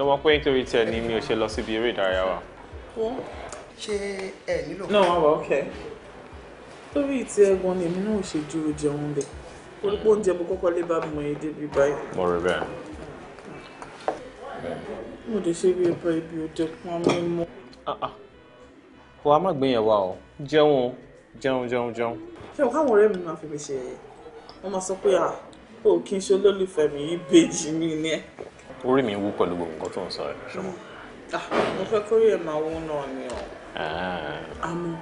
ṣé wọ́n pé nítorí tiẹ̀ ni mi ò ṣe lọ síbi eré ìdárayá wa. ṣé ẹ nílò. náà wọn wà ókè. lórí ìtì ẹ̀gbọ́n ni èmi náà ṣe dúró jẹun bẹ̀ orúkọ oúnjẹ mo kọ́kọ́ lé bá mọ èdè bíi báyìí. mo rí bẹ́ẹ̀. mo lè ṣe bí ẹbọ ibi òde pọn mi mọ. Ah, ah. wàá má gbìyànjú wa o jẹun o jẹun jẹun jẹun. ṣé o káwọn ọ̀rẹ́ mi máa fi mi ṣe ẹ̀yẹ máa sọ pé à ó kí n ṣe olólùfẹ́ mi yìí mi ni ẹ̀ orí mi wú pẹ̀lú gbogbo nǹkan tó ń sọ rẹ̀ ṣọmọ. Mm. Ah, mo fẹ́ kórè ẹ̀ máa wú náà ni o ah. àmọ́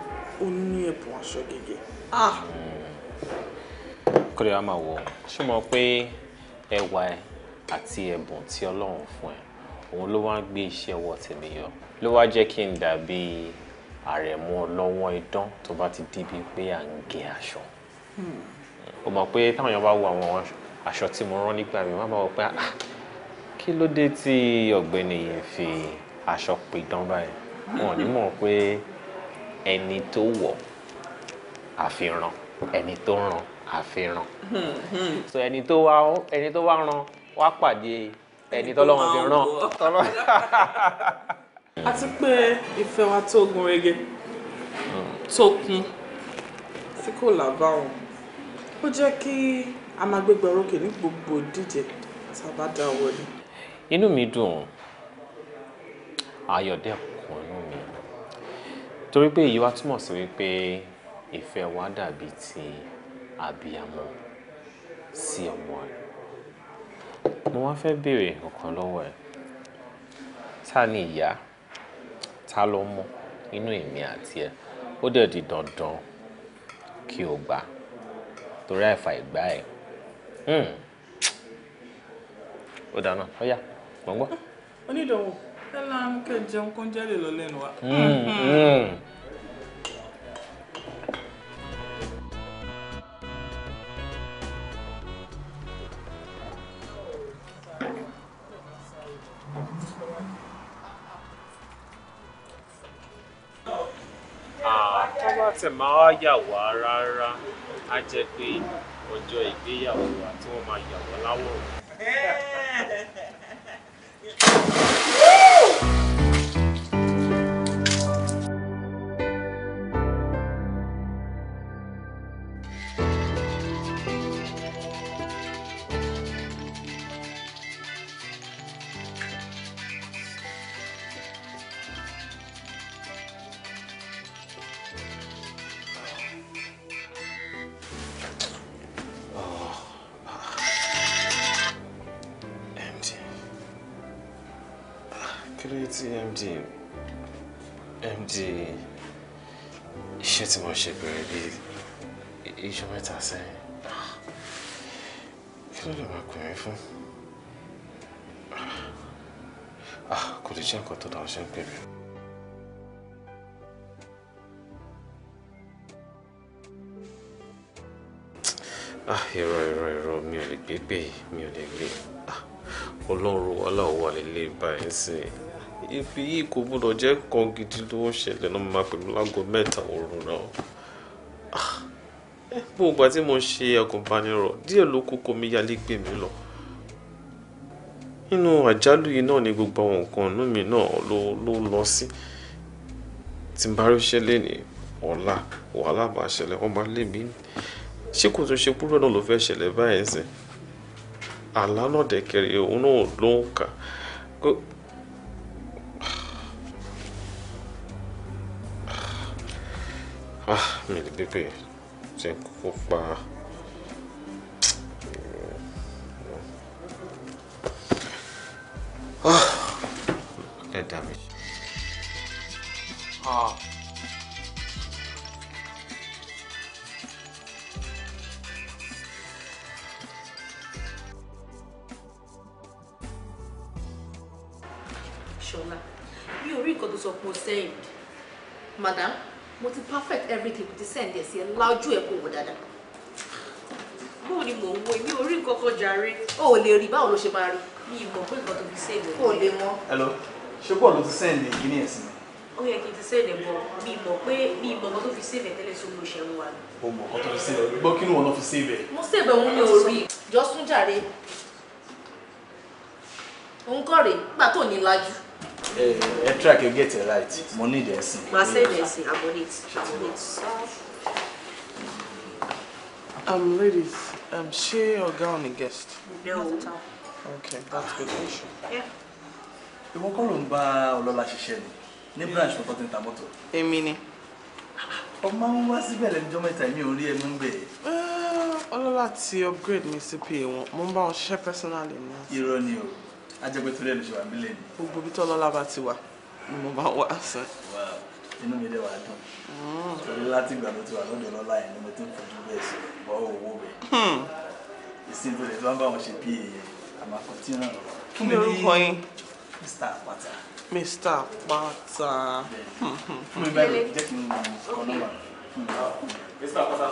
ó ní ẹ̀bùn aṣọ gègé. Ah! Mm. kórè á máa wọ̀ ṣé mo pé ẹwà ẹ àti ẹ̀bùn tí ọlọ́run fún ẹ òun ló wá ń gbé iṣẹ́ ọwọ́ tèmi yọ ló wá jẹ́ kí n dàbí àrẹ̀mọ lọ́wọ́ idán tó bá ti débi pé à ń gé aṣọ. Hmm. o mọ̀ pé táwọn èèyàn bá wo àwọn aṣọ tí mo rán nígbà mi wọ́n máa wọ pé kí ló dé tí ọ̀gbẹ́ni yìí fi aṣọ pidán báyìí wọn ò ní mọ̀ pé ẹni tó wọ̀ àfihàn ẹni tó ràn àfihàn so ẹni tó wá ẹni tó wá ràn wá pàdé ẹni tọ́lọ́run fi ràn tọ́lọ́run. àti pé ìfẹ́ wa tó gun rege tó kún tí kò lábàwọ̀n ó jẹ́ kí a máa gbégbá orókè ní gbogbo ìdíje tá dá wọlé inú mi dùn ayọ̀ dẹ̀ kún inú mi torí pé èyí wá túmọ̀ sí wípé ìfẹ́ wa dàbí ti àbíyamọ sí ọmọ rẹ̀ mo wá fẹ́ béèrè nǹkan lọ́wọ́ ẹ̀ ta ni ìyá ta ló mọ inú èmi àti ẹ ó dẹ̀ di dandan kí o gbà torí àìfà ìgbà ẹ̀ hmm. ó dáná ó yá. gbọ́ngbọ́. onídọ̀wọ̀ ẹ la ń kẹ́ jẹun kó ń jẹ́ lọ lẹ́nu wa. Mm, mm. tẹ̀ máa yà wá rárá á jẹ́ pé ọjọ́ ìgbéyàwó wa tí wọ́n máa yà wá tí md md iṣẹ́ tí mo ṣe bẹ̀rẹ̀ bí iṣu mẹ́ta sẹ́yìn kí ló lè máa pè mí fún ah, kò lè jẹ́ nǹkan tó dáhùn ṣe ń pè mí. Ah, irọ́ irọ́ irọ́ mi ò lè gbé pè mi ò lè gbé ah, ọlọ́run wàhálà wà lélẹ́ báyìí sí i ibi yìí kò gbọdọ̀ jẹ́ kan gidi ló ń ṣẹlẹ̀ náà máa pè mí láago mẹ́ta òru náà ah, eh, gbogbo ìgbà tí mo ṣe agùnbánirọ̀ díẹ̀ ló kú kó mi yálé gbé mi lọ nínú àjálù yìí náà ni gbogbo àwọn nǹkan inú mi náà ló lọ sí tí n bá rí ṣẹlẹ̀ ní ọ̀la wàhálà máa ṣẹlẹ̀ wọ́n máa lé mi ṣé kò tún ṣe púrọ̀ náà ló fẹ́ ṣẹlẹ̀ báyìí sìn àlá náà dẹ̀ òun náà ló ń kà de que se ojú ẹ kò wò dáadáa báwo ni mò ń wo èmi orí nǹkan jàre o ò lè rí báwo ló ṣe máa rí mi ìmọ̀ pé nǹkan tó fi sẹ́ẹ̀lì kò lè mọ́. hello ṣé bọ́ọ̀ ló ti sẹ́ẹ̀lì kíní ẹ̀ sí mi. ó yẹ kí n ti sẹ́ẹ̀lì mọ mi ìmọ̀ pé mi ìmọ̀ nǹkan tó fi sẹ́ẹ̀lì tẹ́lẹ̀ tó mo ṣẹ̀ ń o mọ̀ nǹkan tó fi sẹ́ẹ̀lì gbọ́ kí ni wọn náà fi sẹ́ẹ̀lì. mo sẹ́ẹ̀lì òun ni orí jọ sún jàre òun kọ̀ rè nígbà tó ní lajú. ẹ ẹ track you get it right mo need ẹ̀sìn. màá sẹ́ẹ̀lì ẹ̀sìn àmọ́ ní Um, ladies, um, ṣé ọ̀gá ò ní guest? No. Okay, that's good. Yeah. You walk around by bá Ọlọ́lá ṣiṣẹ́ ni ní branch tó tọ́tí ń Emini. Oh Èmi we Ọmọ ń wá síbẹ̀ lẹ́jọ́ mẹ́ta èmi ò rí ẹnu ń bẹ̀. Eh, Ọlọ́lá ti upgrade mi sí PA wọn, mo ń bá wọn ṣiṣẹ́ personally ni. I just go to the show. I'm ṣe wà nílé ni. Gbogbo ibi tí Ọlọ́lá bá ti wà Wow inú mi dẹ̀ wá dùn oh. torí láti ìgbà tó ti wà lọ́dọ̀ lọ́la yẹn ni mo ti ń fojú bẹ́ẹ̀ sí bọ́ owó bẹ́ẹ̀ hmm. ìsìn tó lè tó ń bá wọn ṣe bí àmàkọ́ tí náà lọ. kí ni orúkọ yín. Mr. Apata. Mr. Apata. fún mi báyìí jẹ́ kí n kọ́ nọ́mbà. Mr. Apata.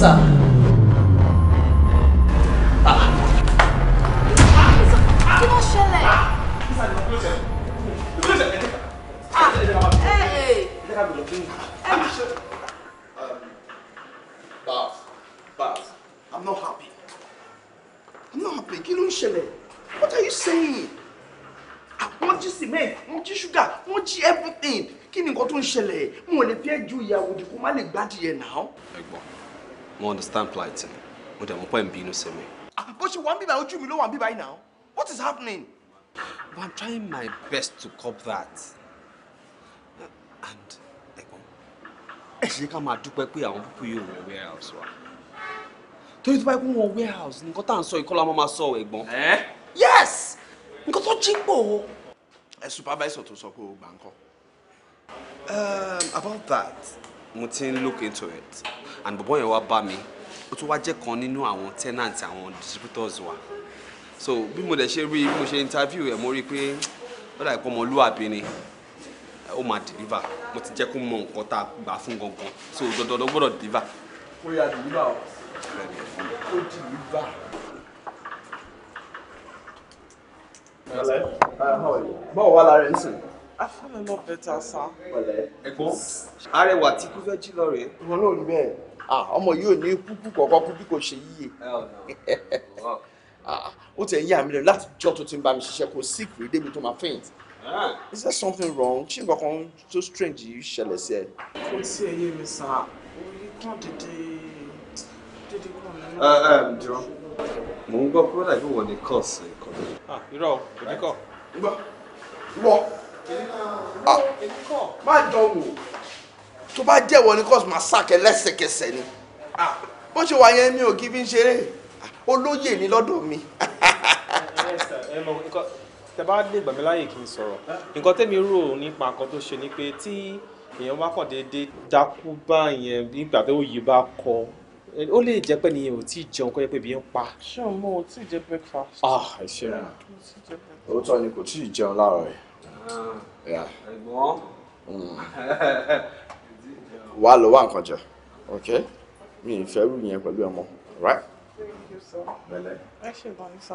sir. Ah, ah, ah, kí ló ṣẹlẹ̀. kí ló ṣẹlẹ̀. Babs, Babs, I'm not happy. I'm not happy. Kí ló What are you saying? Ah, wọ́n jí cement, wọ́n jí sugar, wọ́n jí everything. Kí ni Mo lè fi ẹjú ìyàwó dì kó má lè mo understand plight mo dẹ̀ mọ̀ pé ń bínú sí mi. Ah, bó ṣe wà ń bíbá ojú mi ló wà ń bíbá yìí What is happening? I'm trying my best to cop that. ẹ ṣe ká máa dúpẹ́ pé àwọn púpọ̀ yóò wọ warehouse wa torí tó bá kún wọn warehouse nǹkan tá à ń sọ ìkọlà máa sọ ẹ̀gbọ́n. yes nǹkan tó jí pò. ẹ supervisor tó sọ pé o gbà ń kọ. Um, about that mo ti ń look into it and bọ̀bọ̀ yẹn wá bá mi ó tún wá jẹ́ kan nínú àwọn tenant àwọn distributors wa so bí mo dẹ̀ ṣe rí bí mo ṣe interview ẹ̀ mo rí i pé ó dà pé ni ó máa deliver mo ti jẹ́ kó mọ nǹkan tá a gbà gangan so dandan ló gbọ́dọ̀ deliver. ó yá deliver o ó deliver. báwo wá lára ẹ̀ ń I feel a lot better, sir. Ọ̀lẹ́. Ẹ̀gbọ́n. Arẹwà tí kú fẹ́ jí lọ rèé. Ìwọ náà ní bẹ́ẹ̀. Ọmọ yìí ò ní kúkú kọ̀ọ̀kan kú bí kò ṣe yíyẹ. Ó tẹ̀ ń yà mí lẹ́nu láti jọ́ tó ti ń bá mi ṣiṣẹ́ kó sick débi tó máa faint is there something wrong ṣé nǹkan kan tó strange yìí ṣẹlẹ̀ sí ẹ. kò sí ẹyẹ mi sá orí kan dédé dédé kan ní. ẹ ẹ jọ mò ń gbọ́ brother yóò wọ ní course kan. irọ́ kò ní kọ́. gbọ́ wọ má dánwò tó bá jẹ́ wọ ní course máa sàkẹ́ lẹ́sẹ̀kẹsẹ̀ ni bó ṣe wà yẹn mi ò kí fi ń ṣeré olóyè ni lọ́dọ̀ mi. ẹ ẹ mọ nǹkan tẹ bá lè gbàmí láàyè kí n sọ̀rọ̀ nǹkan tẹ́mi rò nípa nǹkan tó ṣe ni pé tí èèyàn bá kàn déédéé dákú bá yẹn nígbà tó yí bá kọ ó lè jẹ́ pé nìyẹn ò tí ì jẹun kó yẹ pé ebi ń pa. ṣé o mọ o tí ì jẹ breakfast. ah ẹ ṣe rà òótọ́ ni kò tí ì jẹun láàárọ̀ ẹ̀. Ah. ẹ̀gbọ́n. Hmm. wàá lọ wá nǹkan jẹ ok mi ì fẹ́ rú yẹn pẹ̀lú ẹ mọ́ right sọ pẹ̀lẹ́. ẹ ṣe gan ni sọ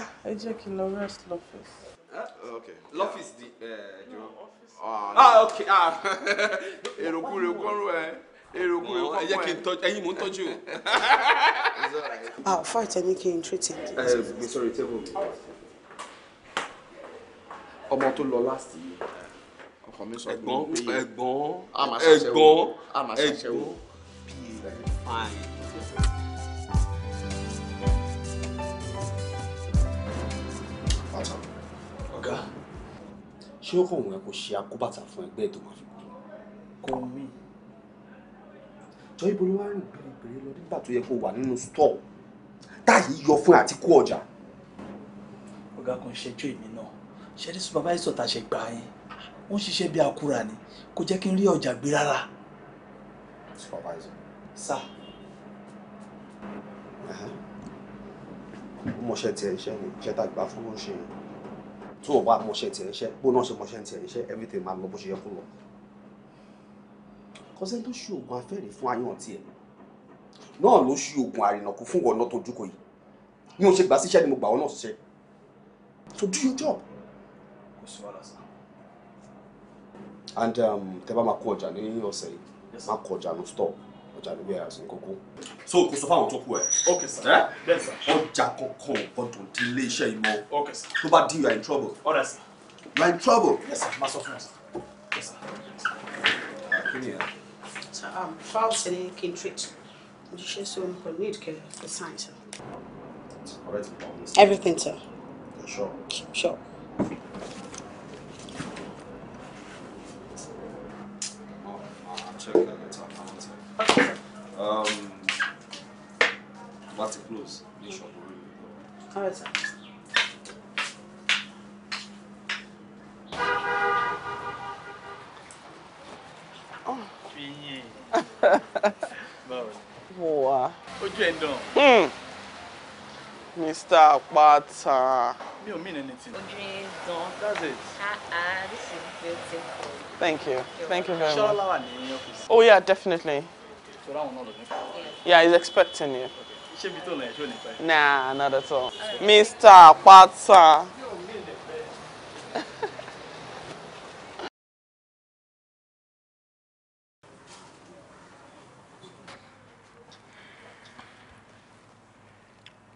ah, ẹ jẹ́ kí n lọ rest lọ́fíìsì. Ah, okay eh, Office di ah, jọ ah okay ah èrò kúrò kọ́rù ẹ èrò kúrò kọ́rù ẹ jẹ́ kí n tọ́jú ẹyin mò ń tọ́jú. ah fight ẹni kí n treat ẹ. ẹ eh, gbé table ọmọ tó lọ last year ọkọ mi sọ pé ẹ̀gbọ́n ẹ̀gbọ́n ẹ̀gbọ́n ẹ̀gbọ́n bíi fine. ṣé ó fòun ẹ kò ṣe akóbàtà fún ẹgbẹ́ tó máa fi kú. kọ́ mi jọ ibo ló wá rìn gbèrègbèrè lọ nígbà tó yẹ kó wà nínú stọọ táyì yọ fún àti kó ọjà. ọ̀gá kan ṣẹjú èmi náà ṣẹ́ni supervisor tá a ṣe gbà yẹn ó ń ṣiṣẹ́ bí akura ni kò jẹ́ kí n rí ọjà gbé rárá. supervisor. sá. ó mọṣẹ́ tiẹ̀ iṣẹ́ ni iṣẹ́ tá fún ó yẹn tó o bá mọṣẹ́ tiẹ̀ ń ṣe bó náà ṣe mọṣẹ́ tiẹ̀ ń ṣe everything máa lọ bó ṣe yẹ kó lọ. kọ́sẹ́ tó ṣe oògùn afẹ́rẹ́ fún ayọ̀ tiẹ̀ náà ló ṣe oògùn àrìnàkú fún wọn náà tó dúkọ yìí ní o ṣe gbà síṣẹ́ ni mo gbà so do your job. kò sí and um, tẹ bá máa kó ọjà ní ọ̀sẹ̀ yìí máa kó ọjà ní ọjà ló wẹ̀ àsìn kókó. so kò sọ fáwọn tó kú ẹ. ok sir ẹ eh? bẹ́ẹ̀ sir. ọjà kankan ò gbọdọ̀ di ilé iṣẹ́ yìí mọ́. ok sir. tó bá di you are in trouble. all right sir. you are in trouble. yes sir máa sọ fún ọ sir. yes sir. kí ni sir um, files ni kí n treat ojúṣe so n kò need care. ẹ science, sir. everything sir. sure. sure. check that. kingdom. Mm. Mr. Apata. You mean anything? Don't That's it. Ah, ah, this is beautiful. Thank you. Thank you very much. Oh yeah, definitely. Yeah, he's expecting you. Nah, not at all. Mr. Apata.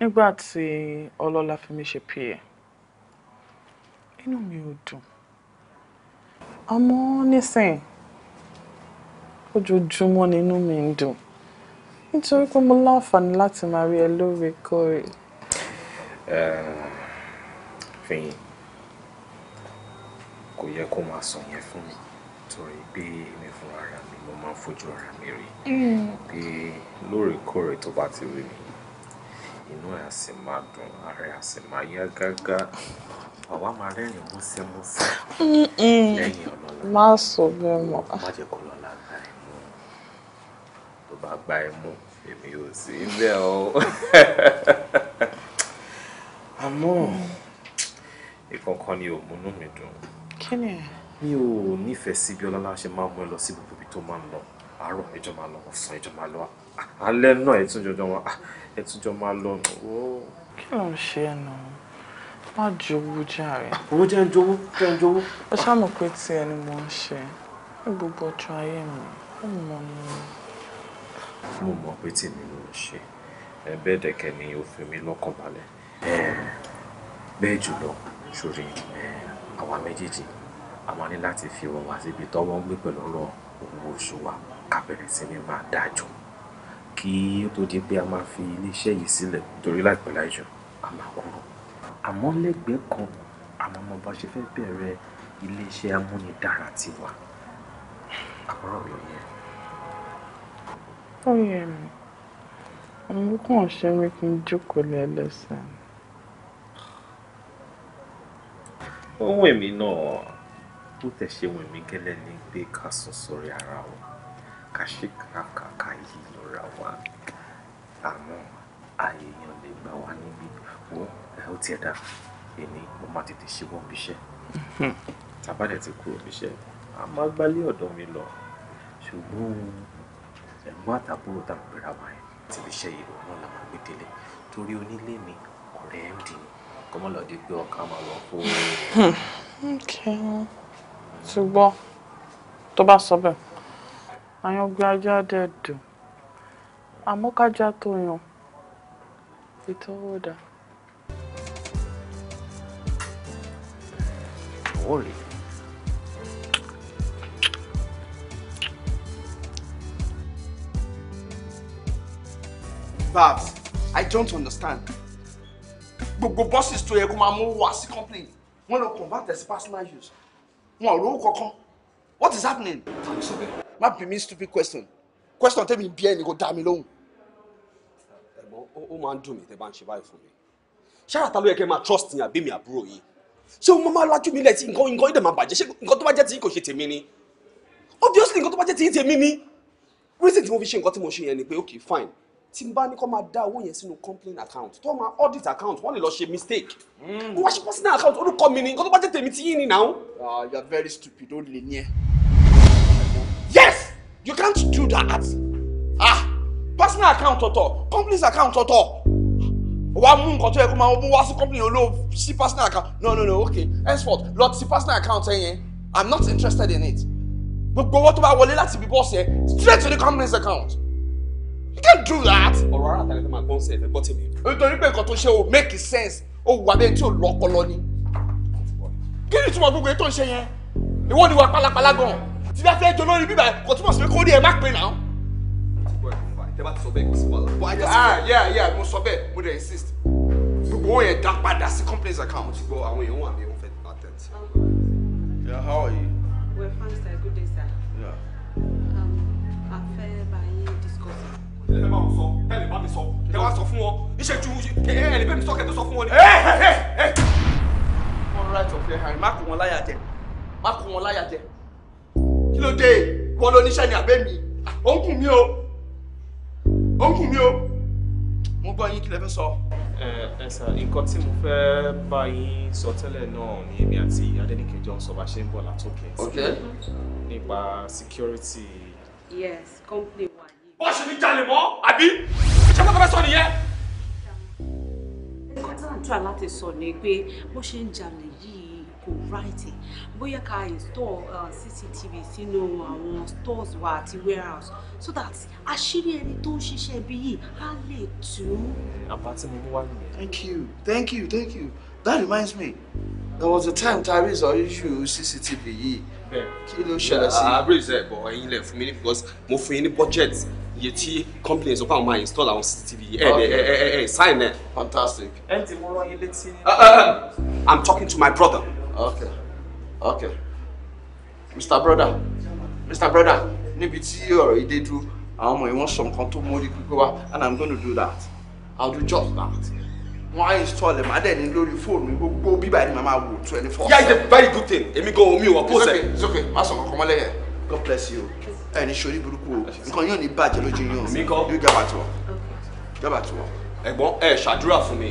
nígbà tí ọlọ́lá fi mí ṣe pa ẹ̀ inú mi ò dùn àmọ́ nísìn ojoojúmọ́ ni inú mi ń dùn nítorí pé mo láǹfààní láti máa rí ẹ lóòrèkóòrè. fẹ́yìn kò yẹ kó máa sọ yẹn fún mi torí pé èmi fúnra mi mo máa ń fojú ara mi rí mm. pé lóòrèkóòrè tó bá ti rí mi inú ẹ̀ á sì máa dùn ara ẹ̀ á sì máa yá gágá àwa máa rẹ́rìn músẹ́ músẹ́ lẹ́yìn ọlọ́lá má sọ bẹ́ẹ̀ mọ́ má jẹ́ kó lọ́la gba ẹ̀ mú tó bá gba ẹ̀ mú èmi ò sí bẹ́ẹ̀ o àmọ́ ìkankan ni ò múnú mi dùn kí ni mi ò nífẹ̀ẹ́ sí bí ọlọ́lá ṣe máa mú ẹ lọ sí gbogbo ibi tó máa ń lọ àárọ̀ ẹjọ́ máa lọ ọ̀sán ẹjọ́ máa lọ alẹ́ náà ẹ tún jọjọ́ wọn ah, ẹ tún jọ máa lọ nù. kí ló ń ṣe ẹ nù má jowó jàre. owó jẹ́ ń jowó jẹ́ ń jowó. ẹ ṣàmọ̀ pé tí ẹni mo ń ṣe ní gbogbo ọjọ́ ayé mi ó mọ̀ ni. mo mọ̀ pé tèmi ló ń ṣe bẹ́ẹ̀ dẹ̀kẹ́ ni ó fi mí lọ́kàn balẹ̀ bẹ́ẹ̀ jùlọ sórí àwa méjèèjì a máa ní láti fi wọn wá síbi tọ́wọ́ ń gbé pẹ̀lú ọ̀rọ̀ owó oṣù wa ká sí ni máa dájọ́ kí ó tó di pé a máa fi iléeṣẹ́ yìí sílẹ̀ torí láìpẹ́ láìjọ a máa kúrò àmọ́ lẹ́gbẹ̀ẹ́ kan àwọn ọmọ bá ṣe fẹ́ bẹ̀rẹ̀ iléeṣẹ́ amúnidára tiwa àbúrò mi yẹn. ó yẹ mi àwọn kan ṣe mí kí n jókòó lẹ́lẹ́sẹ̀. ohun èmi náà bó tẹ̀ ṣe ohun èmi gẹ́lẹ́ ni pé ká sùn sórí ara wa ká ṣèkàkà ká yí lọ́ra wa àmọ́ ààyè èèyàn lè gbà wá níbí wo ẹ ó tiẹ̀ dà èmi mo máa tètè ṣíwọ́ bí iṣẹ́ tàbádẹ́ ti kúrò bí iṣẹ́ a máa gbálé ọ̀dọ̀ mi lọ ṣùgbọ́n ẹ̀gbọ́n àtàbúrò tá à ń pera wa yẹn ti fi ṣe ìlú náà la máa gbé délé torí onílé mi ọ̀rẹ́ md ni kọ́mọ́ lọ di pé ọkà máa lọ fún un. ṣùgbọ́n tó bá sọ bẹ́ẹ̀ àyàngbé ajá dẹ̀ dùn àmọ́ kájá tó yan ìtọ́wò dà. Worry. Babs, I don't understand. Gbogbo bosses tó yẹ kó máa mú wá sí complain. Wọ́n lọ convert as personal use. Wọn ò rówó kankan. What is happening? Tàbí sọ bẹ́ẹ̀ má bí mi stupid question question tẹ́mi bí ẹni kò dá mi lóhùn. ẹ̀gbọ́n ó máa ń dùn mí tẹ́ bá ń ṣe báyìí fún mi ṣáà ta ló yẹ kẹ́ máa trust ni àbí mi àbúrò yín ṣé o máa lajú mi lẹ́tí nǹkan nǹkan ìdè máa bàjẹ́ ṣé nǹkan tó bá jẹ́ tí kò ṣe tèmi ni obviously nǹkan tó bá jẹ́ tí tèmi ni reason tí mo fi ṣe nǹkan tí mo ṣe yẹn ni pé okay fine tí n bá ní kó máa dá owó yẹn sínú complaint account tó máa audit account wọ́n lè lọ ṣe mistake mo hmm. wá ṣe personal account orúkọ mi ni nǹkan tó bá jẹ́ tèmi ti yín ni now. Ah, you are very stupid ó lè ní ẹ you can't do that ah personal account ọ̀tọ̀ company's account ọ̀tọ̀ wàá mú nǹkan tó yẹ kó máa mú wá sí company olóò sí personal account no no no okay henceforth lọ sí personal account ẹ i'm not interested in it gbogbo owó tó bá wọlé láti ibi bọ́ọ̀sì ẹ straight to the company's account you can't do that. ọ̀rọ̀ ara àtàlẹ́ tó máa gbọ́n sí ẹ̀fẹ̀ gbọ́ tèmi. nítorí pé nǹkan tó ṣe ò make sense ó wà bẹ́ẹ̀ tí ò lọ́pọlọ ni kí ni ìtumọ̀ gbogbo ètò ìṣe yẹn ìwọ ni wà pálapàla gan-an tí bá fẹ́ jọ lórí bíbá kò túmọ̀ sí pé kó rí ẹ má pè náà. tẹ́ ti sọ bẹ́ẹ̀ kò sí wàhálà but i just ah yeah yeah mo sọ bẹ́ẹ̀ mo dey insist gbogbo owó yẹn dá padà sí company's account mo ti gbọ́ àwọn èèyàn wà mí wọ́n fẹ́ patent. yeah how are you. we're fine sir good day sir. yeah. um, a fẹ́ bá yín discuss. ẹ bá wọn sọ ẹ lè bá mi sọ ẹ wá sọ fún wọn iṣẹ́ ju ẹ ẹ lè bẹ mi sọ kẹ tó sọ fún wọn. ẹ ẹ ẹ ẹ. all right ọ̀fẹ́ harry má kó wọn láyà jẹ má kó wọn láyà jẹ kí ló dé wọ́n ló níṣẹ́ ní abẹ́ mi ó ń kùn mí o ó ń kùn mí o mo gbọ́ yín kí lẹ fẹ́ sọ. ẹ ẹ sà nǹkan tí mo fẹ́ bá yín sọ tẹ́lẹ̀ náà ni èmi àti Adéníkẹ́ jọ ń sọ bá ṣe ń bọ̀ látòkè nípa security. yes company wa yìí. bọ́ọ̀sì mi jalè mọ́ àbí ṣé tó fẹ́ sọ nìyẹn. nǹkan tí à ń tọ́ àláti sọ ni pé bó ṣe ń jalè kò right ẹ̀ bóyá ká install uh, cctv sínú àwọn stores wa àti warehouse so that àṣírí ẹni tó ń ṣiṣẹ́ ibi yìí á lè tú. àbá tí mo mú wá nìyẹn. thank you thank you thank you that reminds me there was a time tari sọ issue cctv yìí kí ló ṣẹlẹ̀ sí. àbúrò ẹ̀ bọ̀ ẹ̀yin lẹ̀ fún mi because mo fún yín ní budget iye tí company sọ pé àwọn máa install àwọn cctv ẹ ẹ ẹ ẹ sign ẹ. fantastic. ẹ ti mo rán yín létí. i'm talking to my brother okay okay mr brother mr brother níbi tí ọ̀rọ̀ you dé do, I'm going yìí wọ́n sọ nǹkan tó mórí pípé and i'm going to do that i'll do just that wọ́n á install ẹ̀ má dẹ̀ ní lórí fóònù mi gbogbo bíbá ẹni my wò twenty four. it's a very good thing èmi gan omi wọ pọ́sẹ̀. it's okay it's okay má sọ kankan mọ́lẹ̀ yẹn. god bless you ẹ ní sori burúkú o nǹkan yóò ní bàjẹ́ lójú yín o. mi kọ́ yóò jábà tó ọ jábà tó ọ. ẹ̀gbọ́n ẹ ṣàdúrà fún mi.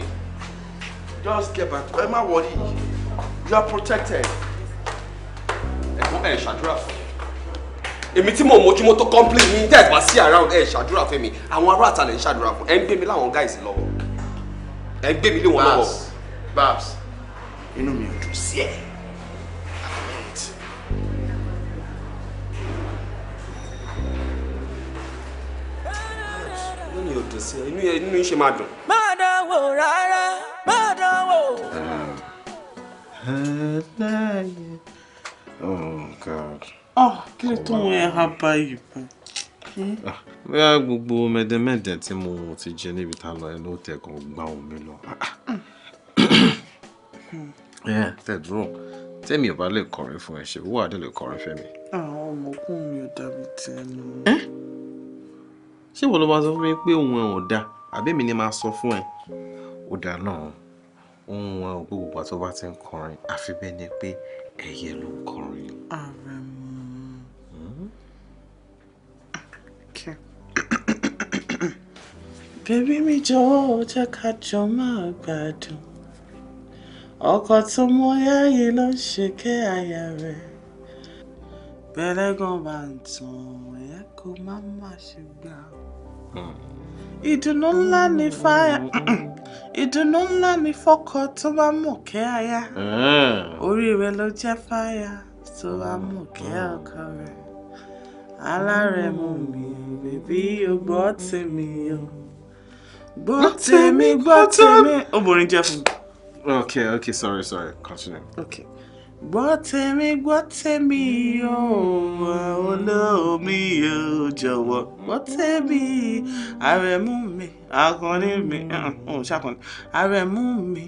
just get back ẹ má wọrí yìí you are protected. ẹ̀gbọ́n ẹ̀ ṣàdúrà fún mi èmi tí mò ń mojúmọ́ tó complain mi dẹ́ẹ̀ bá sí around ẹ̀ ṣàdúrà fún mi àwọn ará àtàlẹ̀ ń ṣàdúrà fún ẹ̀ ń gbé mi láwọn guys lọ́wọ́ ẹ̀ ń gbé mi lé wọn lọ́wọ́. babs babs inú mi ò dùn sí ẹ. inú mi ò dùn sí ẹ inú mi ṣe máa dùn. má dánwò rárá má dánwò. Heleye. Oh God. Oh, kí ni tó ń ha báyìí fún? Ah, bóyá gbogbo mẹ́dẹ̀mẹ́dẹ̀ tí mo ti jẹ níbi tá a lọ ẹni ó tẹ̀ kan gbá òun mi lọ. Ah, hmm. eh, Tẹ̀dúrọ̀, tẹ́mi ò bá lè kọrin fún ẹ ṣe, owó àdé lè kọrin fẹ́ mi. Àwọn ọmọkùnrin mi ò dàbí ti ẹnu. Eh? Ṣé ìwọ ló máa sọ fún mi pé òun ẹ̀ ò dáa? Àbí èmi ni máa sọ fún ẹ? Ó dáa náà ohun wọn ò gbogbo àti ọba ti ń kọrin àfi bẹ́ẹ̀ ni pé ẹyẹ ló ń kọrin. ààrẹ mi hmm? kẹ. bèbí ká jọ máa gbádùn ọkọ tó mú yáyí ló ń ṣe kẹ́ àyà rẹ̀ bẹ́lẹ́gàn bá ń tàn ẹ́ kó má má ṣe gbà. Hmm. ìdùnnú ńlá ni fáyà mm. ìdùnnú ńlá ni fọ́kọ tó bá mọ̀ kẹ́ aya ah. oríire ló jẹ́ fáyà tó bá mọ̀ kẹ́ ọkọ rẹ̀ alárẹ̀mú mi bèbí o gbọ́ tèmi o gbọ́ tèmi gbọ́ tèmi. obìnrin jẹ́ fún. okay okay sorry sorry continue. okay. gbọ́ tèmi gbọ́ tèmi o àwọn olómi o jọ̀wọ́ gbọ́ tèmi àrẹ̀mú mi akọni mi ọ̀hún ṣàkọni àrẹ̀mú mi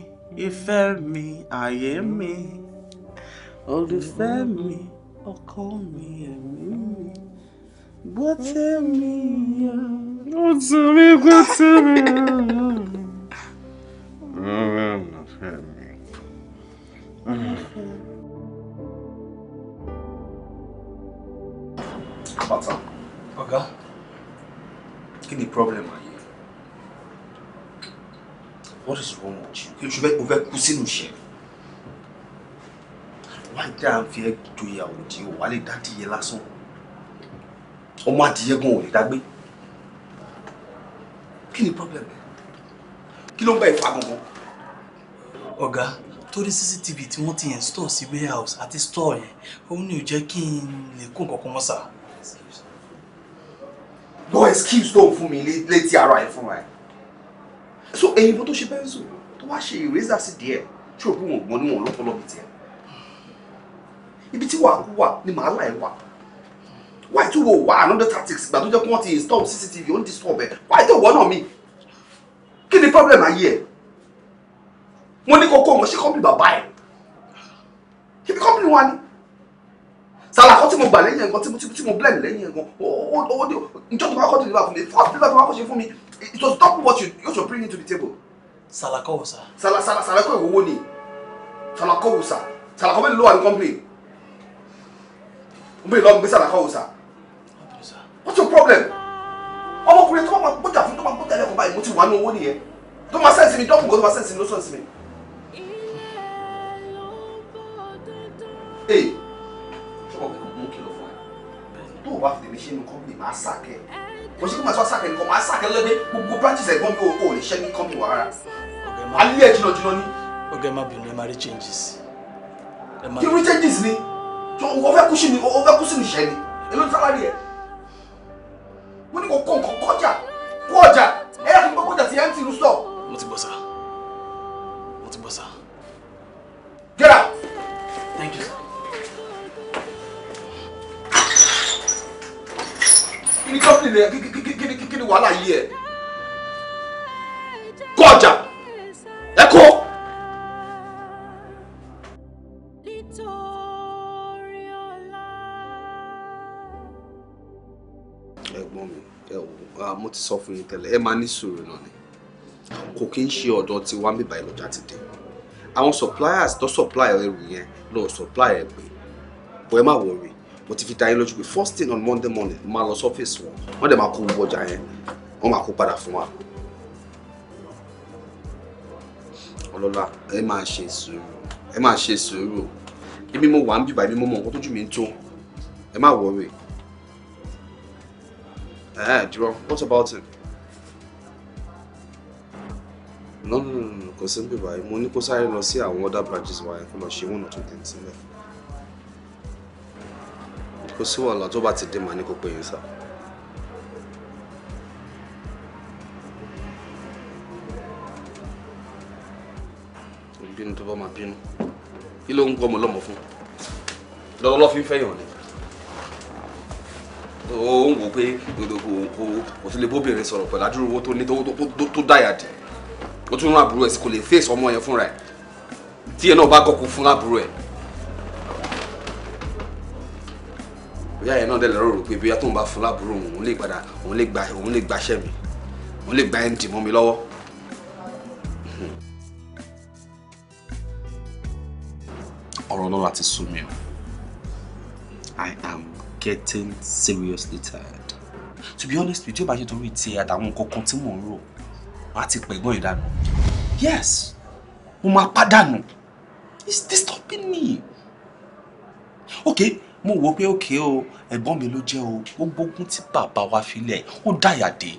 ìfẹ́ mi àyè mi olùfẹ́ mi ọkọ mi ẹ̀mí mi gbọ́ tèmi o gbọ́ tèmi gbọ́ tèmi o. Ọ̀rẹ́ mi fẹ́ mi. Bàtà. Ọ̀gá. Kí ni problem ayé? What is wrong with you? Kí o fẹ́ kú sínú iṣẹ́? Wáyé tá à ń fi ẹ́ joyè àwòdì o, wà á lè dá adìyẹ lásán. Ọmọ adìyẹ gan ò lè dágbé. Kí ni problem? Kí ló ń bẹ̀ ìfa gangan? Ọ̀gá. Okay torí cctv tí wọ́n ti install sí warehouse àti store yẹn òun ni ò jẹ́ kí n lè kó nǹkan kan mọ́ sà. no excuse tó fún mi létí ara ẹ fún ẹ so èyìnbó tó ṣe pẹ́ńsù tó wá ṣe eraser sí díẹ̀ tí òkú wọn gbọ́n níwọ̀n lọ́pọ̀lọpọ̀ tiẹ̀ ibi tí wàá kú wà ni màálà ẹ wà why tí wo wá another tactics ìgbà tó jẹ́ kí wọ́n ti install cctv ó ń disturb ẹ why tí ò wọ́n náà mi kí ni problem ayé ẹ mo ní kókó wọn ṣe kọ́mpì bàbá ẹ̀ ibi kọ́mpì wa ni sàlàkọ́ tí mo gbà lẹ́yìn ẹ̀gán tí mo blend lẹ́yìn ẹ̀gán owó dé njọ́ tó bá kọ́ tó deliver fún mi first deliver tó bá kọ́ ṣe fún mi it was top what you you should bring into the table. sàlàkọ́ wò sá. sàlà sàlà sàlàkọ́ ìwòwò ni sàlàkọ́ wò sá sàlàkọ́ bẹ́ẹ̀ ló wà ní kọ́mpì n bẹ́ẹ̀ lọ́ọ́ gbé sàlàkọ́ wò sá. what's your problem? ọmọkùnrin tó máa gbọ́dọ̀ fún tó máa gbọ́dọ̀ lẹ́kọ̀ọ́ báyìí mo ti wà ní owó nìyẹn tó máa sẹ́ǹsì mi dọ́kùnkọ́ tó máa sẹ́ǹsì mi ló sọ̀ǹsì mi. ee ṣọkọ pé tó o bá fi tèmi ṣe inú kọ́mpì máa sàkẹ́ mo ṣe kí màá tó sàkẹ́ nìkan máa sàkẹ́ lọ́gbẹ́ gbogbo branches ẹ̀gbọ́n mi ò lè ṣẹ́ ní kọ́mpì wa alẹ́ ẹ̀ jìnnà jìnnà ni. ọgá má bínú ẹ má rí changes. kí rí changes ni o fẹ́ kú sí ni o fẹ́ kú sí ni ṣẹ́ ni èló ní sálárì ẹ̀ mo ní kò kọ́ nǹkan kọjá kọjá ẹ̀yà kí n gbọ́ kọjá sí ẹ̀ ń tì í rú sọ. mo ti gbọ́ sáà. ní company rẹ kí ni wàhálà yìí ẹ kó ọjà ẹ kó. ẹ̀gbọ́n mi ẹ wò mo ti sọ fún yín tẹ́lẹ̀ ẹ máa ní sùúrù náà ni kò kí n ṣe ọ̀dọ̀ tí wàá bíbá ìlọjà ti dé àwọn suppliers tó supply ẹrù yẹn lọ supply ẹ pé bọ́ ẹ má wọrí mo ti fi ta yín lójú pé first thing on monday morning máa lọ sọ́fíìsì wọn wọ́n dẹ̀ máa kó gbogbo ọjà yẹn wọ́n máa kó padà fún wa. ọlọ́lá ẹ máa ṣe sùúrù ẹ máa ṣe sùúrù èmi mo wà ń bíbà èmi mo mọ nǹkan tójú mi ń tó ẹ má wọrí ẹ dúró what about him. no no no kò sí ń bíbà mo ní kó sáré lọ sí àwọn other branches wa yẹn kó lọ ṣe one or two things sílẹ̀ kò sí wàhálà tó bá ti dé màá ní kó pè yín sá. bínú tó bá máa bínú kí ló ń gbọ́ ọmọ lọ́mọ fún lọ́wọ́ lọ́ fi ń fẹ́yàn ni ó ń wò pé kò tún lè bóbìnrin sọ̀rọ̀ pẹ̀lú adúrú owó tó ní tó dáyà dì ó tún rán àbúrò ẹ̀ sí kò lè fèsì ọmọ yẹn fúnra ẹ̀ tí ẹ náà bá gọ̀kú fún àbúrò ẹ̀. ìyá yẹn náà dẹ̀ lọ́rọ̀ rò pé bóyá tóun bá fún láàbúrò òun lè padà òun lè gba òun lè gbaṣẹ́ mi òun lè gba ẹ̀ ń mọ́ mi lọ́wọ́. ọ̀rọ̀ lọ́la ti sú mi o I am getting seriously tired to be honest with you bá ṣe torí ti àtàwọn kankan tí mò ń rò wá ti pẹ̀gbọ́n ìdánù yes mo máa pàdánù it's disturbing me okay mo wò pé òkè o ẹ̀gbọ́n mi ló jẹ́ o ó gbógun tí bàbá wa filẹ̀ ó dáyà dé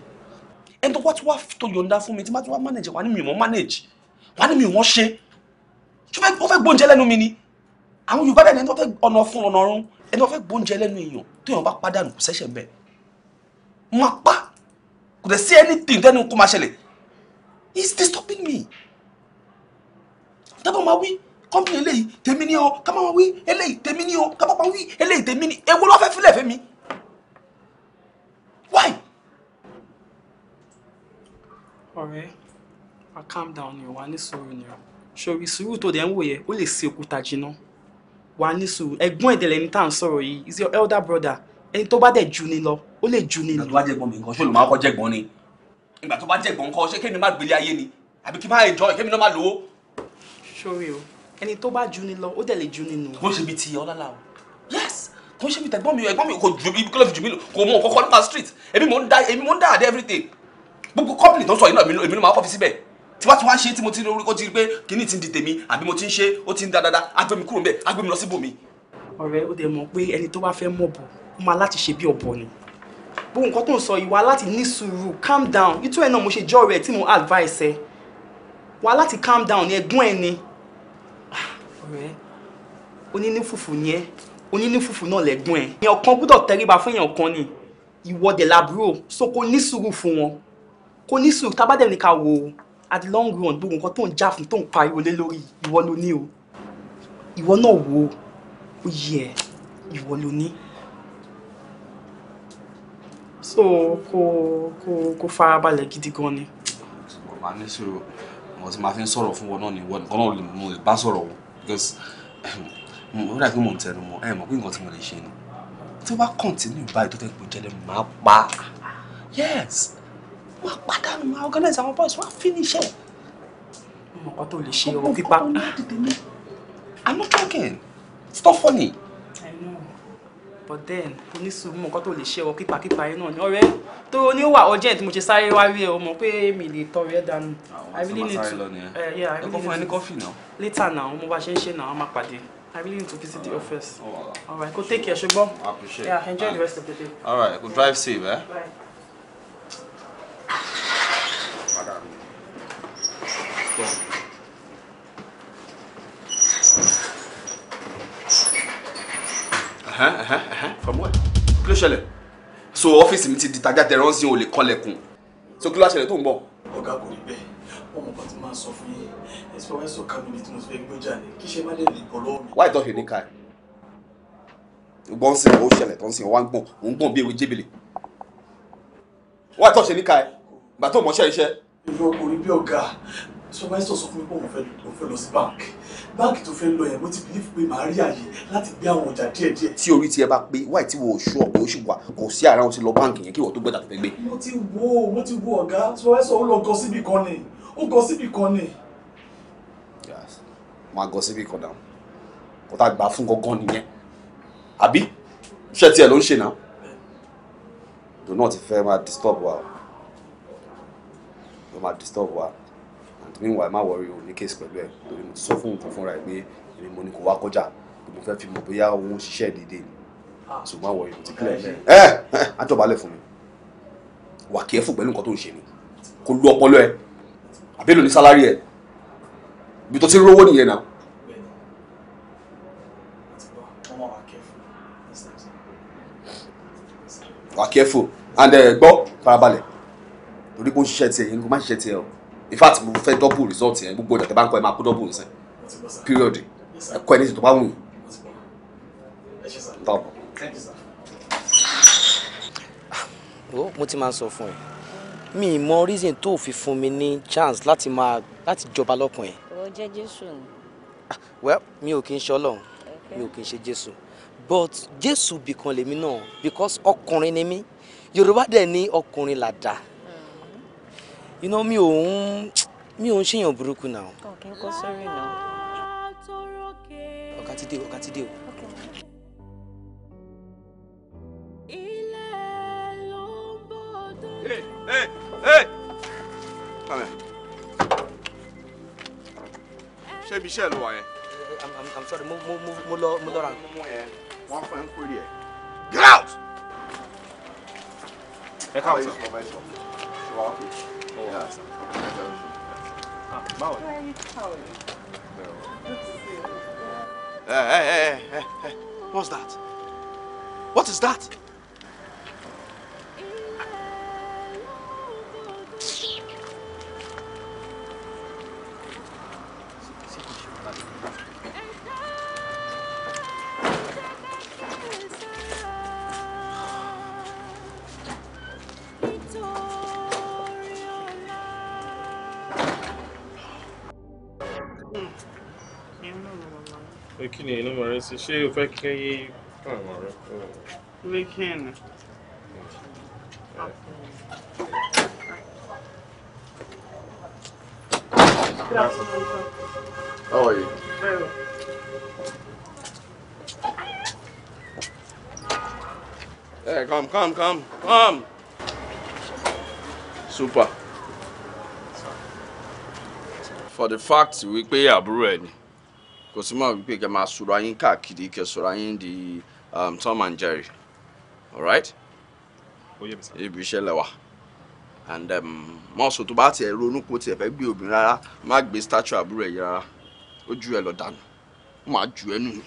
ẹni tó wá tí wàá tó yọ̀ǹda fún mi tí má ti wá manage wà ní mi ò mọ́ manage wà ní mi ò wọ́n ṣe ó fẹ́ gbóúnjẹ lẹ́nu mi ni àwọn Yorùbá dẹ̀ ní ẹni tó fẹ́ ọ̀nà fún ọ̀nà ọ̀run ẹni tó fẹ́ gbóúnjẹ lẹ́nu èèyàn tó yàn bá pàdánù kò sẹ́sẹ̀ bẹ́ẹ̀ mo pa kò dẹ̀ sí anything tẹ́nu kó máa ṣẹlẹ̀ it's disturbing me dábàá máa wí kọ́mpìnì eléyìí tèmi ni o ká wí eléyìí tèmi ni o ká má wí eléyìí tèmi ni ewu ló fẹ́ filẹ̀ why. ọ̀rẹ́ wa calm down ni o wa ní sùúrù ni o sori sùúrù tó dẹ̀ ń wò yẹ ó lè ṣe òkúta jìnnà wa ní sùúrù ẹ̀gbọ́n ẹ̀dẹ̀lẹ̀ ní tá à yìí is your elder brother ẹni tó bá dẹ̀ jù ni lọ ó lè jù ni lọ. ìgbà tó bá jẹ̀gbọ́n mi nǹkan ṣé olùmọ̀ akọ́ jẹ̀gbọ́n ni ìgbà tó bá jẹ̀gbọ́n nǹkan ṣé kémi má gbélé ayé ni àbí kí n má enjoy kémi náà má lówó. sori o ẹni tó bá ju ni lọ ó dẹ̀ lè ju ni nù. kò ṣe bí ti ọlọ́lá o yes kò ṣe bí tẹ̀gbọ́n mi ẹ̀gbọ́n mi kò ju bí kílọ̀ fi jù mí lọ kò mọ kọ́kọ́ nípa street èmi mò ń da èmi mò ń da àdé everything gbogbo company tó ń sọ yìí náà èmi ló máa kọ́ fi síbẹ̀ tí wàá ti wá ṣe tí mo ti rí ti rí pé kíní ti ń di tèmi àbí mo ti ń ṣe ó ti ń da dada á gbé mi kúrò ń bẹ̀ á gbé mi lọ síbòmí. ọ̀rẹ́ ó dẹ̀ mọ̀ pé ẹni tó bá fẹ́ mọ̀ bọ̀ ó máa láti ṣe bí ọ̀bọ ni gbogbo nǹkan tó ń sọ yìí wá láti ní sùúrù calm down ìtú ẹ̀ náà mo ṣe jọ́ rẹ̀ tí mo advice ẹ̀ wá láti calm down ẹ̀gbọ́n ẹ̀ ni ọ̀rẹ́ onínífùfù ni ẹ́ onínífùfù náà lẹ́gbọ́n ẹ̀. èèyàn kan gbọ́dọ̀ tẹríba fún èèyàn kan ni ìwọ́de làbúrò so kò ní sùúrù fún wọn kò ní sùúrù tábàdẹ̀ ní ká wo at the long run gbogbo nǹkan tó ń jà fún tó ń pariwo lé lórí ìwọ ló ní o ìwọ náà wo ó yẹ ìwọ ló ní so kò kò kò farabalẹ̀ gidi gan ni. ọ̀rọ̀ ní sùúrù mo ti máa fi ń sọ̀rọ̀ fún wọn náà ni wọn nìkan náà lè bá sọ̀rọ̀ wọn because um, ó dàbí mò ń tẹnu mọ́ ẹ mọ̀ pé nǹkan tí mo lè ṣe ni tí ó bá continue báyìí tó tẹ́ pé jẹ́lẹ̀ máa pa yes wà á pàdánù máa organize àwọn boys wà á finish ẹ̀. ọkọ tó lè ṣe owó pípa. ọkọ tó lè dìde ní i'm not joking it's not funny but then onísùúrù mọ̀ nǹkan tó lè ṣe ọ kípakípa yẹn náà ni ọ̀rẹ́ tó ní ó wà urgent mo ṣe sáré wá rí ẹ o mọ̀ pé mi lè tọrọ ẹ dànù ah, i really need to uh, yeah i really need to later now mo bá ṣe ń ṣe náà wọn máa pàdé i really need to visit the office alright go take care ṣùgbọ́n yeah enjoy the rest of the day. alright go drive safe. Eh? Bye. Stop. from where kí ló ṣẹlẹ̀ so ọ́fíìsì mi ti di tajà tẹ̀rọ ń sin olè kanlẹ̀kùn so kí ló ṣẹlẹ̀ tó ń bọ̀. ọ̀gá kò rí bẹ́ẹ̀ ọmọ kan ti máa sọ fún yín ẹ̀sìpọ̀wẹ́sọ̀ kábínì tí mo fẹ́ gbọ́jà ni kí ṣe má lè lè bọ̀ lọ́wọ́ mi. why talk in car gbọ́n sí ọ ṣẹlẹ̀ tó ń sin wá ń gbọ̀n ò ń gbọ̀n bí ewé jébìlì why talk in car bàtọ́ mọ́ṣẹ́ iṣẹ́. ìlú bí ọ̀gá supervisor sọ fún mi pé òun fẹ́ òun fẹ́ lọ sí bank bank tó fẹ́ lọ yẹn mo ti believe pé màá rí àyè láti gbé àwọn ọjà díẹ̀ díẹ̀. tí orí tiẹ̀ bá pé wáì tí wo oṣù ọ̀pẹ oṣù wà kò sí ara wọn ti lọ báǹkì yẹn kí wọ́n tó gbẹ́dà tó fẹ́ gbé. mo ti wo mo ti wo ọ̀gá supervisor ó lọ gọ síbi kan ni ó gọ síbi kan ni. máa gọ síbi kan náà kó tá a gbà fún gangan nìyẹn àbí iṣẹ́ tiẹ̀ ló ń ṣe náà do not fẹ́ máa disturb wa ó máa disturb wa meanwhile má wọrí o ní case pẹ̀lú ẹ̀ torí mo ti sọ fún nǹkan fúnra ẹ̀ pé èmi mo ní kò wá kọjá pé mo fẹ́ fi mọ̀ bóyá òun ṣiṣẹ́ déédéé ni so má wọrí mo ti clear ẹ̀ ẹ̀ àjọbalẹ̀ fún mi wà kí ẹ fún pẹ̀lú nǹkan tó ń ṣe ni kò lu ọpọlọ ẹ àbẹ́lò ní sálárì ẹ ibi tó ti rówó nìyẹn náà. wà careful and gbọ́ farabalẹ̀ torí pé ó ń ṣiṣẹ́ tiẹ̀ yẹn kó má ṣiṣẹ́ tiẹ̀ o in fact mo fẹ́ double result yẹn gbogbo ìdàtẹ́ bá ń kọ́ ẹ máa kó double nsẹ́ period ẹ̀kọ́ ẹ̀ ní ìtọ́ bá wù yín. mo ti máa ń sọ fún ẹ mi ì mọ reason tó fi fún mi ní chance láti máa láti jọba lọ́kàn ẹ. ìwọ jẹ́ Jésù ah, well mi ò kí ń ṣe Ọlọ́run mi ò kí ń ṣe Jésù but Jésù bìkan lèmi náà because ọkùnrin ni mí Yorùbá dẹ̀ ní ọkùnrin làdá you know me. ò me mi ò your broken now. Okay, ọ̀kẹ́ sorry. sórí Okay. ọ̀ká Hey, hey, hey! Come here. Shall ibi iṣẹ́ ló wà I'm, I'm, I'm sorry, Move, move, move, mo lọ, mo lọ ra. Mo mọ yẹn, wọ́n fẹ́ ń kórè Get out! Ẹ káàbọ̀ sọ. Ṣé wàá kú? Yeah. Hey, hey, hey, hey, hey. What's that? What is that? ni inú mọ̀rẹ́ sí ṣé o fẹ́ kí yé kàn mọ̀rẹ́. Weekend. Good afternoon, sir. How Hey, come, come, come, come. Super. For the fact we pay a bread kò sí wípé kẹ́ máa sọ̀rọ̀ ayín káàkiri kẹ́ sọ̀rọ̀ ayín di um, Tom and Jerry alright ibi iṣẹ́ lẹ́wà and mọ́ọ̀sù um, tó bá tiẹ̀ ronú kó tiẹ̀ fẹ́ gbé obìnrin rárá má gbé statue àbúrò ẹ̀ yẹ rárá ó ju ẹ lọ dànù ó máa ju ẹ nù ní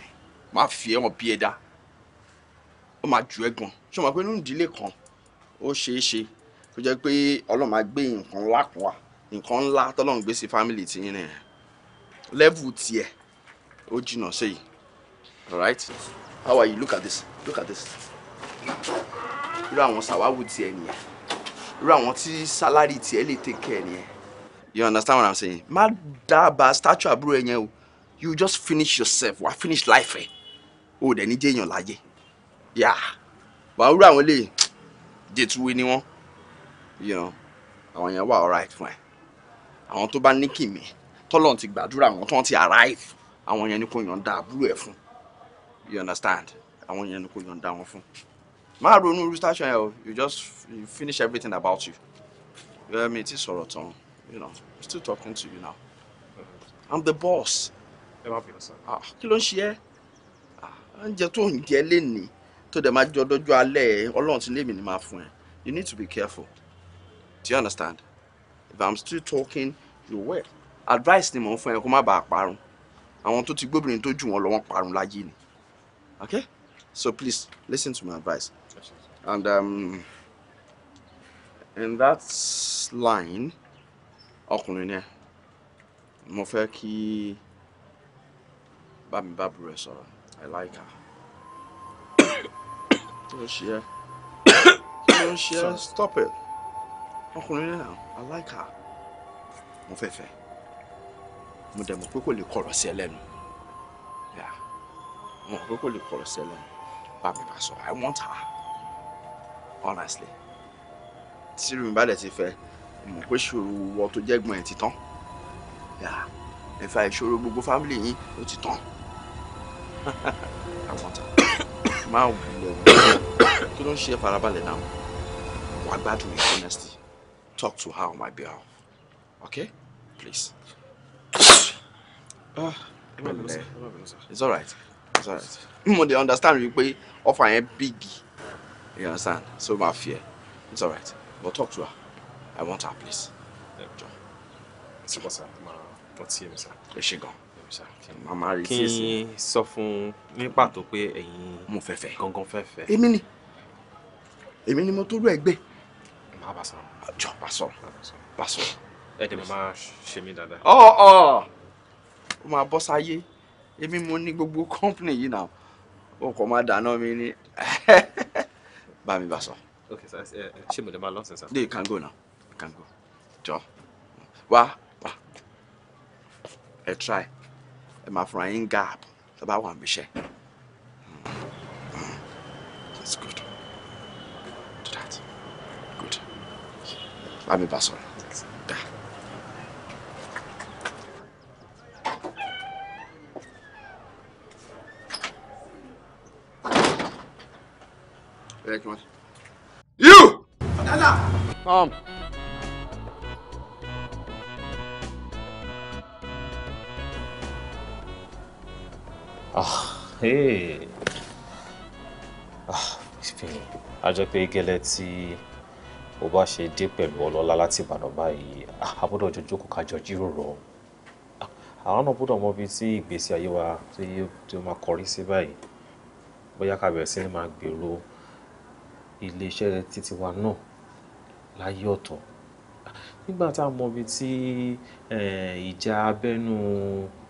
máa fi ẹ̀wọ̀n bí ẹ dá ó máa ju ẹ gan ṣé o máa pé nínú ìdílé kan ó ṣeé ṣe kó jẹ́ pé ọlọ́run máa gbé nǹkan ńlá kan wá nǹkan ńlá tọ́lọ́run gbé sí fámìlì tìyín nìyẹn lẹ́vù tiẹ̀ ó jìnnà sẹ́yìn right how are you look at this look at this irú àwọn sàwáwù tiẹ̀ nìyẹn irú àwọn tí sálárì tiẹ̀ lè take care you understand what i'm saying má dábàá statue àbúrò ẹ yẹn o you just finish yourself wàá finish life ẹ o ò dẹ̀ ní jẹ́ èèyàn láyé yà wàá irú àwọn eléyìí jẹ̀túwe ni wọ́n you know àwọn yẹn wà alright fún ẹ àwọn tó bá ní kìmí tọ́lọ́n ti gbàdúrà wọn tán ti arrive àwọn yẹn ni kò yọ̀ǹda àbúrò ẹ̀ fún you understand àwọn yẹn ni kò yọ̀ǹda wọn fún má ronú rústàṣọ yẹn o you just you finish everything about you yẹ mi ti sọ̀rọ̀ tán you know I'm still talking to you now I'm the boss. ẹ má bínú sir. Ah, kí ló ń ṣe ẹ́ ah, oúnjẹ tó ń jẹ lénìí tó dẹ̀ máa jọ dọ́jọ́ alẹ́ ẹ̀ ọlọ́run ti lémi ni máa fún ẹ you need to be careful do you understand if I'm still talking you will advice ni mò ń fún ẹ kó má bàa parun àwọn tó ti gbóbìnrin tó jù wọ́n lọ wọ́n parun láyé ni okay so please listen to my advice and um, in that line ọkùnrin yẹn mo fẹ́ kí bá mi bá burú i like her kí ló ṣe ẹ kí ló ṣe ẹ stop it ọkùnrin yẹn i like her mo fẹ́ fẹ́ mo dẹ̀ mọ̀ pé kò lè kọ̀rọ̀ sí ẹ lẹ́nu mo mọ̀ pé kò lè kọ̀rọ̀ sí ẹ lẹ́nu bá mi bá sọ i want her honestly tí mi bá dẹ̀ ti fẹ́ mo mọ̀ pé ṣòro wọ tó jẹ́ gbọ̀n ẹ̀ ti tán ẹ̀fà ìṣòro gbogbo fámìlì yín ó ti tán i want her máa wù ú lọ́wọ́ kí ló ń ṣe farabalẹ̀ náà wàá gbádùn ìfúnnẹ́sì talk to her on my behalf okay please. Ah, it's all right it's all right mo dey understand you pé offer yẹn big you understand so ma fear it's all right but talk to her i want her please. ẹ ṣe gan màmá rí tí ì sí. kí n sọ fún ní pàtó pé ẹ̀yin. mo fẹ́ fẹ́. gangan fẹ́ fẹ́. èmi ni èmi ni mo tó rú ẹgbẹ́. má bàa sọ̀rọ̀. jọ bá sọ̀rọ̀ bá sọ̀rọ̀. ẹ dẹ̀ máa ṣe mí dáadáa. ọ̀ oh, ọ̀. Oh ó máa bọ́ sáyé èmi mo ní gbogbo company yìí náà ó kọ́ máa dáná mi ní bá mi bá sọ. ok sir eh, eh, ṣé mo lè máa lọ sí sir. dey you can go now you can go jọ wá wá ẹ try ẹ máa fúnra yín gap tó bá wà níṣẹ́ that's good do that good bá mi bá sọ̀rọ̀. ẹ kí wọ́n you. ọ̀dàlà. Um. Ah, hey. Ah, Fíyìn, a jẹ́ pé gẹ́lẹ́ tí o bá ṣe dé pẹ̀lú ọlọ́lá láti Ìbàdàn báyìí, ah, a gbọ́dọ̀ jọ jókòó ká jọ jíròrò. Ah, àwọn náà gbọ́dọ̀ mọ ibi tí ìgbésí ayé wa tí ó máa kọrí sí báyìí. Bóyá ká bẹ̀rẹ̀ sí ni máa gbèrò iléeṣẹ́ títí wa náà láyé ọ̀tọ̀ nígbà tá a mọ ibi tí ìjà abẹ́nú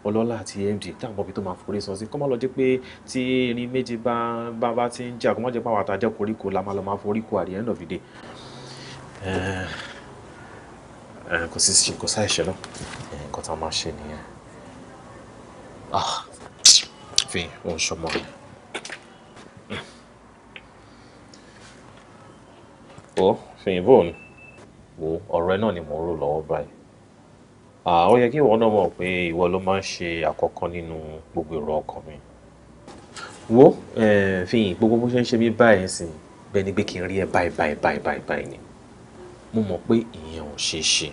ọlọ́lá àti md tá a mọ ibi tó máa forí sọ sí kọ́ máa lọ jẹ́ pé tí erin méje bá bá bá ti ń jà kó má jẹ́ pé àwọn àtàjẹ́ koríko la máa lọ máa forí ko àdìyẹ end of the day kò sí ṣe kò sáì ṣe lọ nǹkan tá a máa ṣe nìyẹn ah, fi òun ṣọmọ rẹ. ó Ṣèyìnbó ni wo ọ̀rọ̀ ẹ náà ni mò ń rò lọ́wọ́ báyìí ó yẹ kí ìwọ náà mọ̀ pé ìwọ ló máa ń ṣe àkọ́kọ́ nínú gbogbo èrò ọkàn mi wo Fihìn gbogbo bó ṣe ń ṣe mí báyìí sìn bẹ́ẹ̀ ni pé kí n rí ẹ báyìí báyìí báyìí báyìí báyìí ni mo mọ̀ pé ìyẹn ò ṣeé ṣe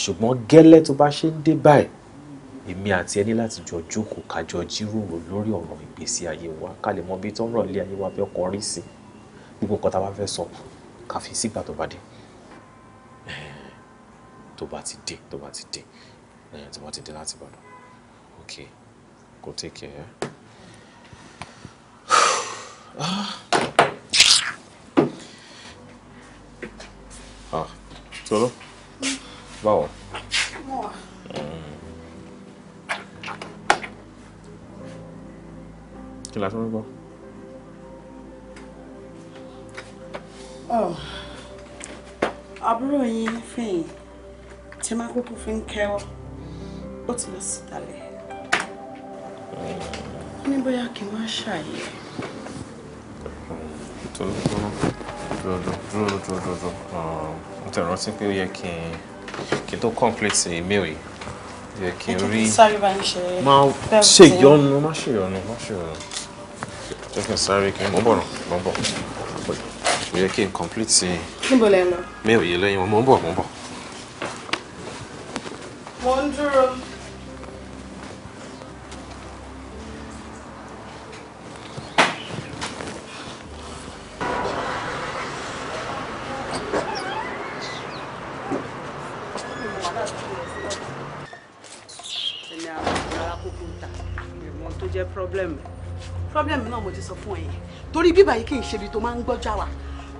ṣùgbọ́n gẹ́lẹ́ tó bá ṣe ń dé báyìí èmi àti ẹni láti jọ jókòó kájọ jíròrò lórí ọ̀rọ̀ ìgbésí ayé wa ká lè mọ bí tọ́rọ̀ ilé ayé wa fẹ́ kọrí sí gbogbo nǹkan tá a bá fẹ́ sọ ká fi sígbà tó bá dé tó bá ti dé tó bá ti dé tó bá ti dé láti Ìbàdàn ok go take care. ah. Solo? Ah, Báwo? Mm. Kí la tún ń gbọ́? Oh, àbúrò yín fìyìn tí máa kúkú fi ń kẹ́wọ́ ó ti lọ sí ìdálẹ̀ ó ní bóyá kí n wá ṣàyẹ̀. dúró dúró dúró dúró dúró mo tẹ̀ rántí pé ó yẹ kí n kí n tó complete email yìí ó yẹ kí n rí máa ṣèyọnu má ṣèyọnu má ṣèyọnu jẹ́ kí n sáré kí n mọ́ bọ̀ mọ́ bọ̀ kò yẹ kí n complete sí i. níbo lẹ lọ. mi ò yé lẹ́yìn wọn mo ń bọ̀ mo ń bọ̀. mo ń dúró. problem problem náà mo ti sọ fún ẹ yẹn torí bíbá yìí kì í ṣe ibi tó máa ń gbọ́jà wà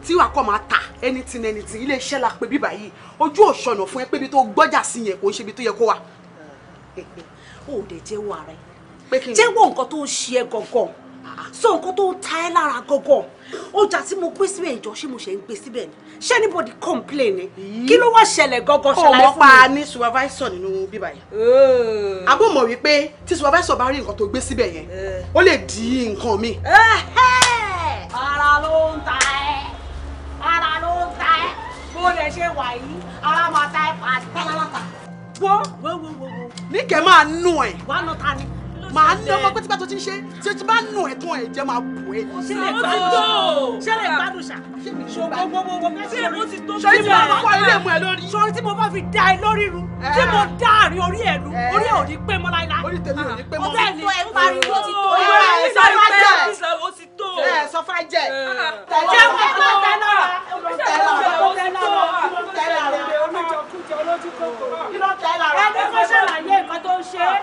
tí wàá kọ́ máa ta anything anything ilé iṣẹ́ la pé bíbá yìí ojú òṣọ̀nà fún ẹ pé ibi tó gbọ́jà sí yẹn kò ń ṣe ibi tó yẹ kó wà. o ò dẹ̀ jẹ́wọ́ ara ẹ jẹ́wọ́ nǹkan tó ń ṣe ẹ gangan ah. sọ nǹkan tó ń ta ẹ lára gangan ọjà tí mo gbé síbẹ̀ ìjọ ṣé mo ṣe ń gbé síbẹ̀ ni ṣé anybody complain ni kí ló wá ṣẹlẹ̀ gangan ṣàlàyé fún mi. ọmọ pa ní supervisor nínú bíbá yẹn. abó mọ̀ wípé tí supervisor bá rí nǹkan tó gbé síbẹ̀ yẹn eh. ó lè dí nǹkan mi. Eh, ara ló ń ta ẹ ara ló ń ta ẹ́ bó lè ṣe wà yìí ara máa ta ẹ́ pàtàkì. wo wo wo wo. níkẹ́ máa nù ẹ̀. wàá nọ ta ni màá ní ọmọ pé típẹ́ tó ti ń ṣe ṣe ti bá nù ẹ̀tún ẹ̀ jẹ́ máa bù ẹ́. ṣe gbádùn ṣe gbádùn ṣá. ṣe mo ti tó ṣe mo lórí. sọrí tí mo bá fi da ẹ lórí ru eh. tí mo dá àárín orí ẹ ru eh. orí ẹ ò ní pé mọ́ láíláí. orí tèmi ò ní pé mọ́. bẹ́ẹ̀ ni ẹ pariwo ti tó. ẹ sọ fájẹ ó ti tó. ẹ eh, sọ fájẹ. tẹ̀lé tẹ̀lé ọ̀rọ̀ tẹ̀lé ọ̀rọ̀ tẹ̀lé ọ̀rọ̀ tẹ̀lé ọ̀rọ̀ tẹ̀lé ọ̀rọ̀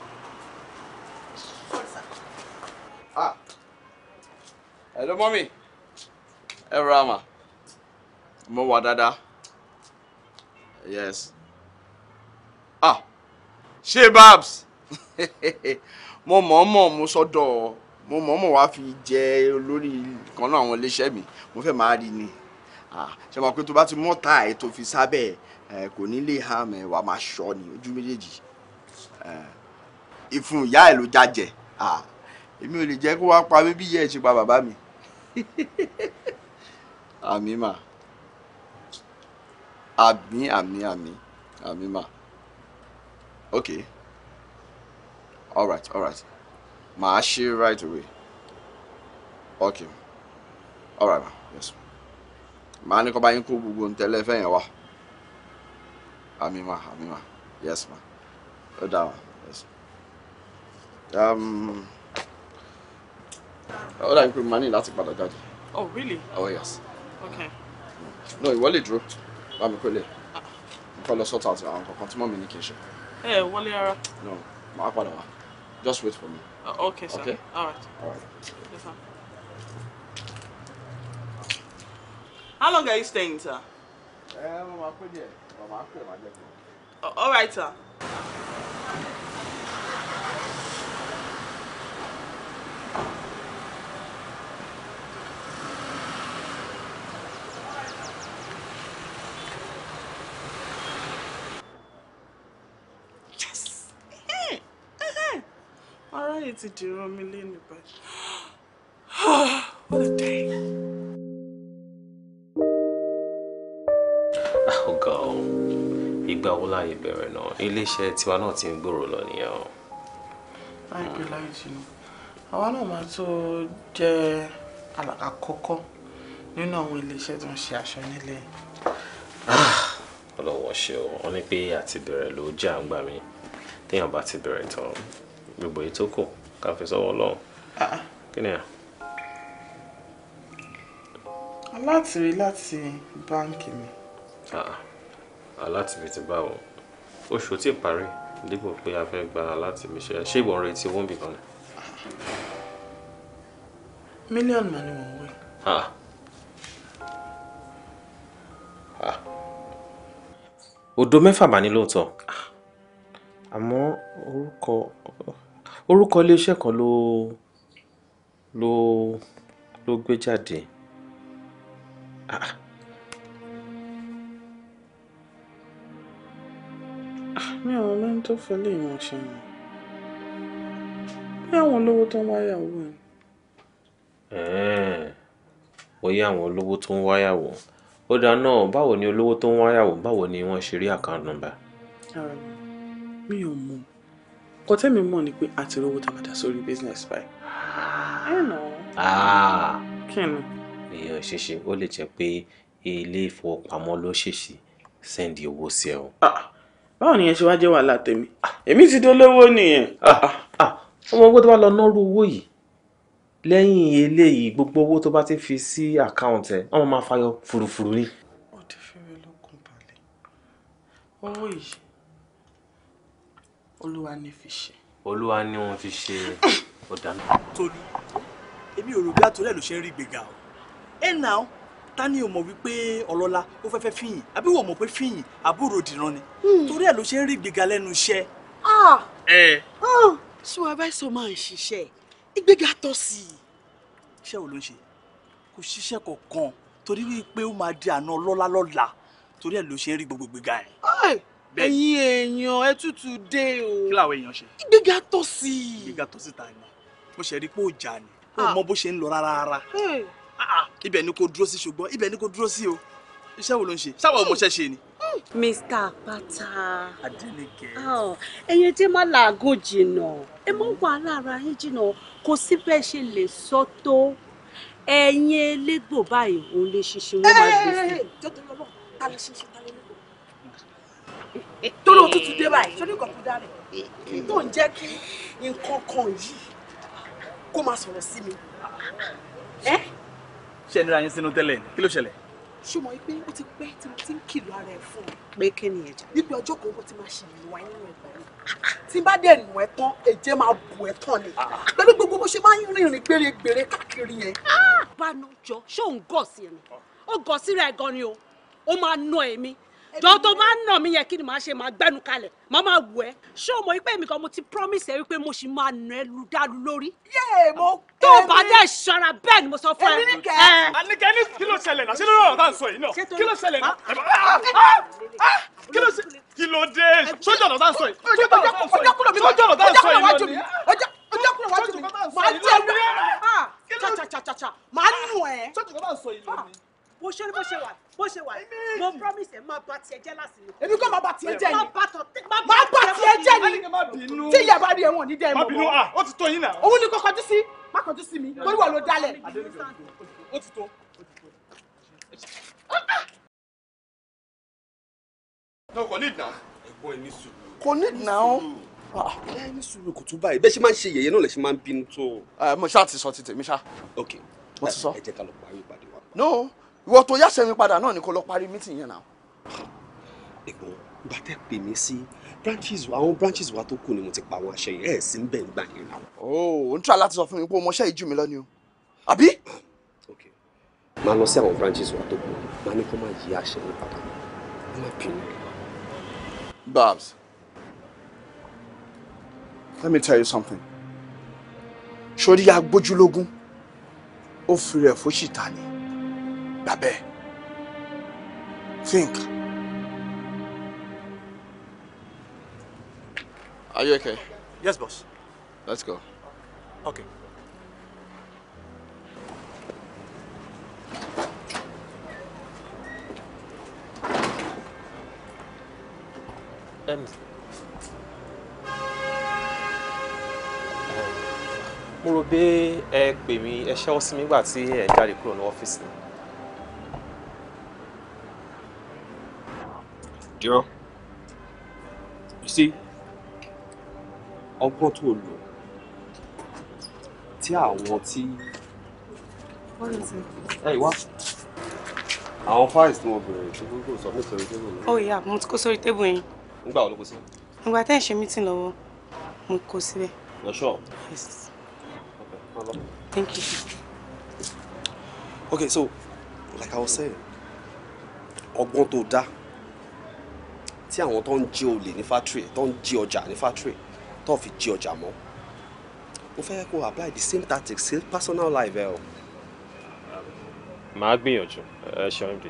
hello mommy. ẹ Rama. mo wadada. yes ah ṣé babs mo mọ̀ọ́mọ̀ mo sọ́dọ̀ mo mọ̀ọ́mọ̀ wá fi jẹ olórí kan náà àwọn iléeṣẹ́ mi mo fe máa rí ni ah, ṣe máa pé tó bá ti mọ́ta ẹ̀ tó fi sábẹ́ Eh, kò ní lè hàn ẹ̀ wà máa ṣọ́ ni ojú méjèèjì ìfun ìyá ẹ̀ ló jájẹ̀ ah, èmi ò lè jẹ́ kó wá pa bíbí yẹ́ ẹ̀ pa bàbá mi. amima mà ami ami amima àmì mà okay alright alright màá ṣe right away okay alright ma yes ma ní kọ́ bá yín kó gbogbo n fẹ́ yẹn wá àmì mà àmì yes ma ó dá yes. Um, ó dàbí pé mo máa ní láti padà oh really. oh yes. okay. no you lè dúró bá mi pélé I'm calling lọ sọ́tà àti àwọn continue tí mọ́mí ní kì í ṣe. Eh, ara. no màá padà just wait for me. Uh, okay sir okay? all right. All right. Yes, sir. How long are you staying, sir? Um, I'll put it. I'll put it. All right, sir. eléyìí ti dìran mi lẹ́nu báyìí what a day. Ah, ọ̀gá o ìgbà wo láàyè bẹ̀rẹ̀ náà iléeṣẹ́ tiwa náà ti ń gbòòrò lọ nìyẹn o. láìpẹ́ láì jìnnà àwa náà máa tó jẹ́ àkọ́kọ́ nínú àwọn iléeṣẹ́ tó ń ṣe aṣọ nílé. Ah, ọlọ́wọ́ ṣe o wọ́n ní pé àti ló jẹ́ àǹgbà mi téèyàn bá ti bẹ̀rẹ̀ tán gbogbo èyí kù ká fi sọ́wọ́ ọlọ́run ah, ah. kí ni à. aláti rí láti báǹkì mi. aláti ah, mi ti báwo oṣù tí parí dípò pé a fẹ́ gba aláti mi ṣe ṣé ìwọ̀n retí wọ́n bì kan ni. mílíọ̀nù mà ni mò wé. odo mẹ́fà mà ní lóòótọ́ àmọ́ orúkọ orúkọ iléeṣẹ́ kan ló ló ló gbé jáde ah, ah. Ah, mi àwọn ọmọ tó fẹ́ lè yàn ṣe mọ̀ bí àwọn olówó tó ń wáyàwó ẹ̀. bóyá àwọn olówó tó ń wáyàwó ó dáa náà báwo ni olówó tó ń wáyàwó báwo ni wọ́n ṣe rí àkáǹtì nọ́mbà. mi ò mọ̀ nǹkan tẹ́mi mọ̀ ni pé a ti rówó tàbátà sórí business báyìí. ẹ nà ó. kí ni. èèyàn ṣeṣe ó lè jẹ́ pé ilé ìfowópamọ́ ló ṣèṣì sẹ́ndì owó sí ẹ o. Ah. báwo nìyẹn ṣe wá jẹ́ wàhálà tèmi èmi ti dolówó nìyẹn. Ah, ah, ọmọ ogun tó bá lọ nọ́rú owó yìí lẹ́yìn eléyìí gbogbo owó tó bá ti fi sí àkáǹtì ẹ̀ wọ́n máa fayọ fùrùfùrù ni. ó ti fẹ́rẹ̀ lọ́kùn balẹ̀ owó yìí olúwa ní fi ṣe. olúwa ní wọn fi ṣe ọ̀dànù. tolú èmi ò rò bí àtúrẹ́ ló ṣe ń rí gbèga o ẹ nà ó ta ni o mọ̀ wípé ọlọ́lá ó fẹ́ fẹ́ fìyìn àbí wọ́n mọ̀ pé fìyìn àbúrò dìran ni hmm. torí ẹ̀ ló ṣe ń rí gbèga lẹ́nu iṣẹ́. Ah! ẹ. Ah! supervisor máa ń ṣiṣẹ́ ìgbéga tọ́ sí i. iṣẹ́ wo ló ń ṣe kò ṣiṣẹ́ kankan torí wípé ó máa di àná ọlọ́lá lọ́la torí ẹ̀ ló ṣe ń rí gbogbo gbèga yẹn ẹ̀yin èèyàn ẹ tútù dé o. kí làwọn èèyàn ṣe. gbígbà tó sí i. tó sí ta ni mo ṣe rí i pé ó jà ni ó mọ bó ṣe ń lọ rárá rárá ibẹ̀ ni kò dúró sí ṣùgbọ́n ibẹ̀ ni kò dúró sí o iṣẹ́ wo ló ń ṣe ṣáwọn ọmọọṣẹ́ ṣe ni. mr apata ẹyin tí máa làágùn jìnnà ẹ mọ wà lára yín jìnnà kò sí bẹ́ẹ̀ ṣe lè sọ tó ẹyin elégbò báyìí òun lè ṣiṣẹ́ wọn máa gbèsè tó lóun tútù dé báyìí sórí kọ̀ǹpútà rẹ̀ tó ń jẹ́ kí nǹkan kan yìí kó máa sọ̀rọ̀ sí mi. ṣé ẹni ra yín sínú tẹ́lẹ̀ ni kí ló ṣẹlẹ̀. ṣùgbọ́n pé ó ti pẹ́ tí mo ti ń kìlọ̀ ara ẹ̀ fún un. pé kí ni ẹ̀jẹ̀. nígbà ọjọ́ kan ó ti máa ṣe ìwà nínú ẹ̀gbà mi. tí n bá dẹ̀ nù ẹ́ tán ẹ̀jẹ̀ máa bù ẹ́ tán ni. pẹ̀lú gbogbo bó ṣe máa ń rìnrìn gbèrègbèrè káàkiri yẹn. bánú jọ ṣé òun gọ̀ sí ẹni ó gọ̀ síra ẹ̀ gan ni o ó máa ná ẹ̀mí jọ tó máa ń nà mí yẹn kí ni màá ṣe màá gbẹnu kalẹ̀ màá máa wù ẹ́ ṣé o mọ̀ wípé èmi kan mo ti promise ẹ wípé mo sì máa nà ẹ́ lu dálu lórí. yé mo kẹ́ mi tó o bá dé ṣọ́ra bẹ́ẹ̀ ni mo sọ fún ẹ. èmi ní kẹ́. àníkẹ́ ní kí ló ṣẹlẹ̀ náà ṣé ló rọrùn tá à ń sọ yìí náà kí ló ṣẹlẹ̀ náà kí ló ṣe kí ló dé sójú ọ̀nà tá à ń sọ yìí sójú ọ̀nà tá à ń sọ yìí sójú ọ̀nà tá à ń sọ yìí náà ni ọjọ́ kúrò wájú mi máa jẹ́ mi máa nù ẹ́ bó ṣe rí bó ṣe wà bó ṣe wà mo promise ẹ máa bà tiẹ̀ jẹ́ lásìkò. èmi kò máa bà tiẹ̀ jẹ́ ni máa bà tiẹ̀ jẹ́ ni tí ìyá bá rí ẹ̀wọ̀n ní dẹ́ẹ̀mọ̀. má bínú à ah, ó ti tó yín náà. òun ni kò kọjú sí má kọjú sí mi torí wà ló dálẹ̀. ó ti tó. kò ní ìdá. ẹ̀gbọ́n ẹ ní sùúrù. kò ní ìdá o ah, ní sùúrù kò tún báyìí bẹ́ẹ̀ ṣe máa ń ṣe yẹ̀yẹ́ náà lẹ ṣe máa ń bínú tó. Eh, mo ṣáà ti sọ ti tèmi ṣá. ok mo ti sọ. ẹ jẹ́ ká lọ parí ìpàdé wa. no ìwọ tó yá sẹ́mi padà náà ni kò lọ parí mítìn yẹn náà. ẹ̀gbọ́n gba tẹ́ pè mí sí branches àwọn branches wa tó kù ni mo ti pa àwọn aṣẹ yẹn ẹ̀ sí ń bẹ̀ gbà yẹn náà. Oh, o ò ń tura láti sọ fún mi pé o mọṣẹ́ ìjú mi lọ ni o àbí. máa lọ sí àwọn branches wa tó kù máa ní kó má yí aṣẹ yẹn padà ẹ má bínú. Babs, let me tell you something. sori agbójúlógún ó fi rẹ̀ fóṣìta ni gbà bẹ́ẹ̀ think. Are you okay? Yes, boss. Let's go. Okay. And um, mo rò be ẹ pè mí ẹ ṣẹ́wọ́ sí mi nígbà tí ẹ jáde kúrò ní ọ́fíìsì Daryl, you see, ọgbọ́n tó lò tí àwọn tí. Ẹ wá. Àwọn files tí mo bèrè tí Google sọ mí sórí tébù náà. to yà, mo ti kó sórí tébù yẹn. Nígbà wo ló kó sí? Nígbà tẹ́ ẹ̀ ṣe mítìn lọ́wọ́, mo You're sure? Yes. Okay, Thank you. Okay, so, like I was saying, ọgbọ́n tó dáa tí àwọn tó ń jí olè ní factory tó ń jí ọjà ní factory tó fi jí ọjà mọ́ mo fẹ́ kó apply the same tactics sí personal life ẹ o. màá gbìyànjú ẹ ṣeun dì.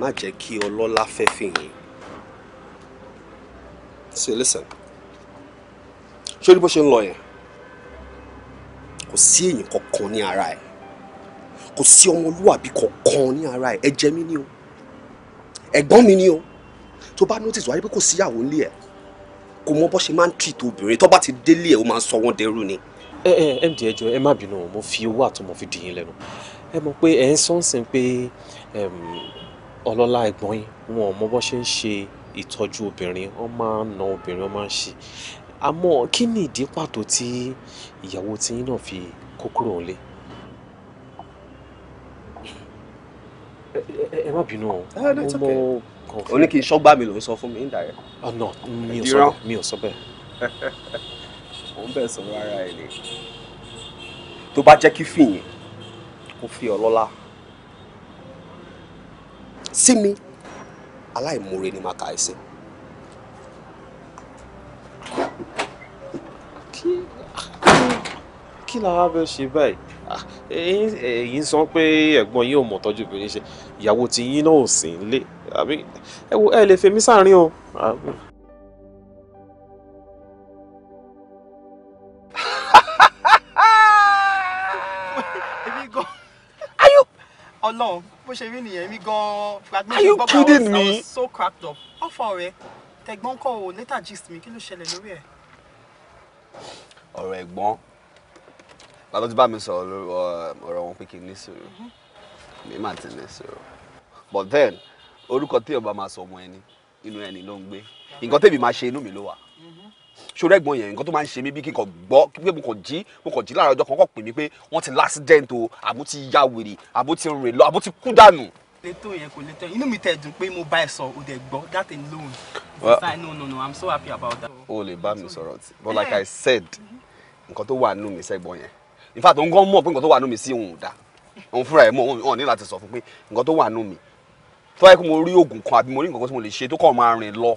má jẹ́ kí ọlọ́lá fẹ́ fìyìn. so listen ṣé orí bó ṣe ń lọ yẹn kò sí èèyàn kankan ní ara ẹ kò sí ọmọlúwàbí kankan ní ara ẹ ẹ jẹ mí ní o ẹ̀gbọ́n mi ni o tó bá notice wáyé pé kò síyàwó ńlé ẹ̀ kò mọ bó ṣe máa ń treat obìnrin tó bá ti délé ẹ̀ ó máa ń sọ wọ́n dẹrú ni. ẹ ẹ ẹjọ ẹ má bínú mo fi owó àtọmọ fi dìyín lẹ́nu ẹ mọ̀ pé ẹ ń sọ́nsìn pé ọlọ́lá ẹ̀gbọ́n yín wọn mọ bó ṣe ń ṣe ìtọ́jú obìnrin wọ́n máa ń na obìnrin wọ́n máa ń ṣe àmọ́ kí ni ìdí pàtó tí ìyàwó tiyín náà fi kókúrò ńlẹ̀ ẹ má bínú o ah, mo kàn fún. o ní kí n ṣọ́gbà mi ló ń sọ fún mi indirect. ọ̀nà ah, mi ò sọ bẹ́ẹ̀ mi ò sọ bẹ́ẹ̀. mo ń bẹ̀ sọ̀rọ̀ ara ẹ̀ ni tó bá jẹ́ kí fìyìn kó fi ọlọ́lá sí mi aláìmoore ni màá kà á sí. kí kí làwọn abẹ ṣe báyìí ẹ̀yin ah, sọ pé ẹ̀gbọ́n yín ò mọ̀ tọ́jú obìnrin ṣe ìyàwó tí yín náà ò sí nílé àbí ẹ wo ẹ lè fèmí sáàrin o. Ọlọ́run bó ṣe rí nìyẹn mi gan-an fragmentation bọ́bá I was, so cracked up ọ̀fọ̀ rẹ tẹ̀gbọ́n kọ́ o later gist mi kí ló ṣẹlẹ̀ lórí ẹ̀. ọ̀rọ̀ ẹ̀gbọ́n bàbá tó bá mi sọ̀rọ̀ lórí ọ̀rọ̀ wọn pé kí n ní sùúrù mm-hmm. mi máa ti ní sùúrù but then orúkọ tí ọba máa sọ ọmọ ẹni inú ẹni ló ń gbé nǹkan tèmi máa ṣe inú mi ló wà mm-hmm. ṣòro ẹ̀gbọ́n yẹn nǹkan tó máa ń ṣe mí bí kí n kò gbọ́ pé mo kò jí mo kò jí láàárọ̀ ọjọ́ kan kò pè mí pé wọ́n ti l'accident o àbó ti ya wèrè àbó ti rìn lọ àbó ti kú dànù. leto yẹn kò leto inú mi tẹ̀ dùn pé mo bá ẹ sọ o gbọ́ that alone well, like, no no no i'm so happy about that. o lè bá mi sọ̀rọ̀ tí but like i said mm-hmm. nǹkan tó wà nínú mi sẹ́gbọ́n yẹn in fact òun mọ̀ pé nǹkan tó wà nù mí sí òun ò dáa òun fúnra ẹ̀ mọ̀ òun ní láti sọ fún pé nǹkan tó wà nù mí tó wáyé pé mo rí oògùn kan àbí mo rí nǹkan kan mo lè ṣe tó kàn máa rìn lọ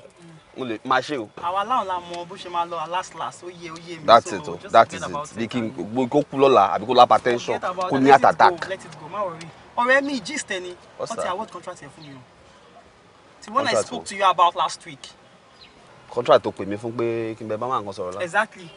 mo lè máa ṣe o. àwa láwọn la mọ bó ṣe máa lọ last last ó yé ó yé mi. that's it o that is it bí kí n kó kú lọ́la àbí kó lápá tẹ́ńsọ̀n kó ní àtàtàk. ọ̀rẹ́ mi gist ẹni wọ́n ti award contract ẹ̀ fún mi o the one I spoke to you about last week. contract tó pè mí fún pé kí n bẹ bá máa ń kan sọ̀rọ̀ lá. exactly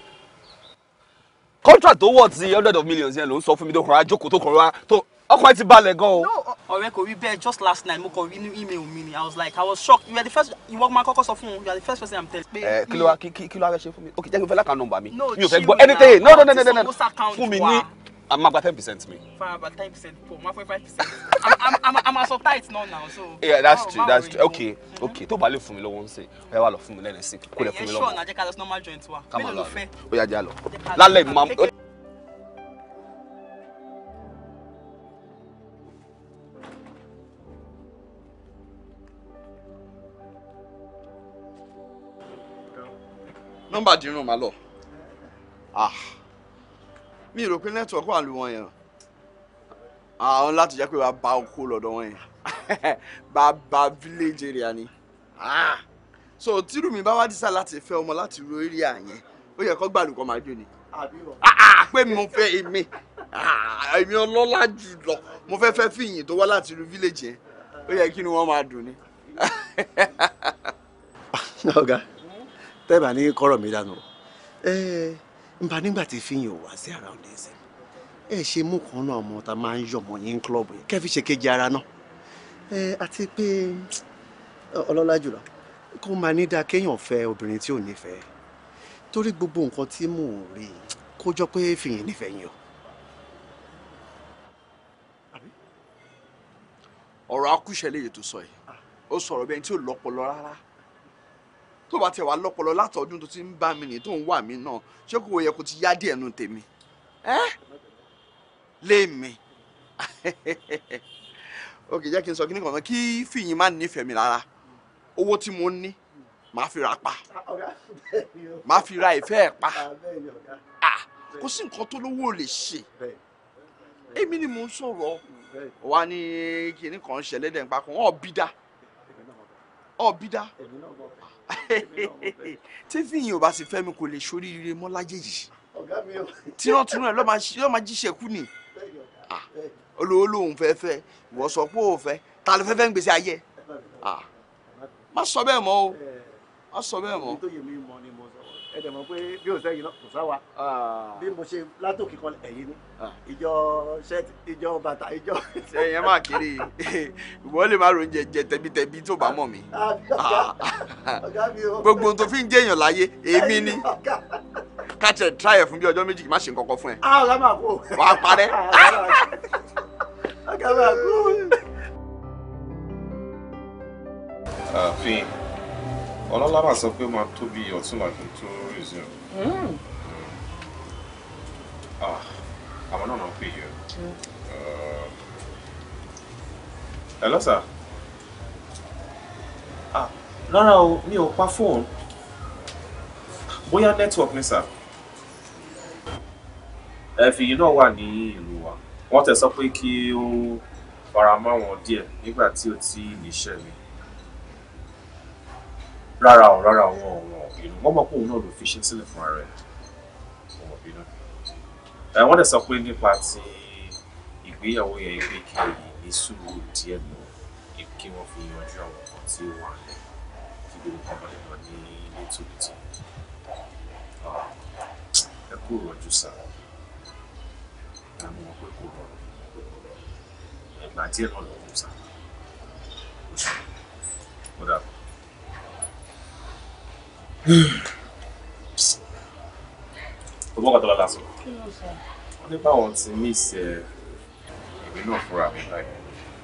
contract tó wọ̀ ti hundred of millions yẹn ló ń sọ fún mi tó kàn á jókòó tó kàn á tó ọkàn ti balẹ̀ gan o. no ọ̀rẹ́ kò rí bẹ́ẹ̀ just last night mo kàn rí email mi ni i was like i was shocked you are the first ìwọ máa kọ́kọ́ sọ fún un you are the first person i'm telling. ẹ eh, kí ló wá kí kí ló wá fẹ́ ṣe fún mi ok jẹ́ kí n fẹ́ lákàá nọ́mbà mi mi ò fẹ́ gbọ́ anything no no no no fún mi ní I'm about gba ten percent mi. fàgbà ten percent po I'm fún five percent i'm as tight now now so. yeah that's true that's true okay mm-hmm. okay tó bá lè fún mi lọ́wọ́ ń sè ẹ wá lọ fún mi lẹ́nu sí kó lè fún mi lọ́wọ́. ẹ ṣọ́ọ̀nà jẹ́ ká lọ sí normal joint wa mélòó ló fẹ́. ó yá jẹ́ àlọ́ lálẹ́ mi máa. nọ́mbà ah mi rò pé network wà lù wọn yẹn àwọn ah, láti jẹ́ pé wàá bá oko lọ́dọ̀ wọn yẹn bá bá village area ni ah! so tírù mi bá wá dísà láti fẹ́ ọmọ láti ro area yẹn ó yẹ kó gbàlùkọ́ máa jó ni ah, pé mo fẹ́ èmi èmi ọlọ́lá jùlọ mo fẹ́ fẹ́ fìyìn tó wá láti ru village yẹn ó yẹ kí ni wọ́n máa dùn ni. ọ̀gá tẹ́ẹ̀bà ní kọ́rọ̀ mi dànù eh, nba nígbà tí fihàn wá sí aroundings ẹ ṣe mú kan náà ọmọ tá a máa ń yọmọ yín club yẹn kẹfí ṣe kejì ara náà ẹ àti pé ọlọ́lá jùlọ kó máa ní dáa kéèyàn fẹ́ obìnrin tí ò nífẹ̀ẹ́ torí gbogbo nǹkan tí mò ń rí kó jọ pé fihàn nífẹ̀ẹ́ yín ọ̀rọ̀ akúṣẹ́ lè yètò sọ yìí ó sọ̀rọ̀ bẹ́ẹ̀ tí ò lọ́pọlọ rárá tó bá tẹ wá lọ́pọlọ látọdún tó ti ń bá mi nì tó ń wà mí náà ṣé kò yẹ kó ti yá díẹ̀ nù tèmi ẹ́ lémi ok jẹ́ kí n sọ kí ní kàn kí fìyín má nífẹ̀ẹ́ mi rárá owó tí mo ní màá fi ra pa màá fi ra ìfẹ́ ẹ̀ pa kò sí nǹkan tó lówó lè ṣe èmi ni mò ń sọ̀rọ̀ wa ní kíní kan ṣẹlẹ̀ ń pa kan ọ̀ bí dá ọ̀ bí dá tí fìyìn ò bá sì fẹ́ mi kò lè ṣoríire mọ́ láyé yìí tírántirán ẹ̀ ló máa jíṣẹ́ kú ni olówó lòun fẹ́ fẹ́ ìwọ sọ pé òun fẹ́ ta ló fẹ́ fẹ́ ń gbèsè ayé má sọ bẹ́ẹ̀ mọ́ o má sọ bẹ́ẹ̀ mọ́ ẹ dẹ̀ mọ̀ pé bí ò sẹ́yìn náà kò sáwa ah. bí mo ṣe látòkè kan ẹ̀yìn ni ah. ìjọ ṣẹ́ẹ̀tì ìjọ bàtà ìjọ. sẹ́yìn ẹ máa kéré ìwọ lè má ronjẹ jẹ tẹbitẹbi tó bá mọ̀ ah, mi. gbogbo tó fi ń jẹyàn láyé èmi ni káàtì ẹ̀ tíráyẹ̀ fún bí ọjọ́ méjì kì má ṣe nǹkan kan fún ẹ. ọ̀gá máa kú. wàá parẹ́. ọ̀gá máa kú. fíìmù ọlọ́lábà sọ pé máa tó bí ọ̀túnla kí n tó resume. Hmm. Ah, àwọn náà náà pè yẹ. Eh, hello sir. ah rárá o mi ò pa fóònù bóyá network ni sir. ẹ̀fìyìn e náà wà ní ìlú wa wọ́n tẹ̀ sọ pé kí o fara mọ́ wọn díẹ̀ nígbà tí ó ti níṣẹ́ mi rárá o rárá o wọn ò bínú wọn mọ̀ pé òun náà ló fi ṣe sílẹ̀ fún ara ẹ̀ wọn ò bínú. wọ́n dẹ̀ sọ pé nípa ti ìgbéyàwó yẹn pé kí èyí ní sùúrù díẹ̀ nù kí wọ́n fi yanjú àwọn nǹkan tí ó wà lẹ̀ kí gbogbo nǹkan balẹ̀ lọ ní létòlétò. ẹ kú ìrọ̀jú sá àmọ́ pé kò rọrùn ẹgbàá díẹ̀ náà lọ́wọ́ sá ó dàbọ̀ ọgbọ́n kan tó lọ́la sọ wọ́n ní báwọn ti mí ìsẹ̀ eh, èmi náà fúnra mi báyìí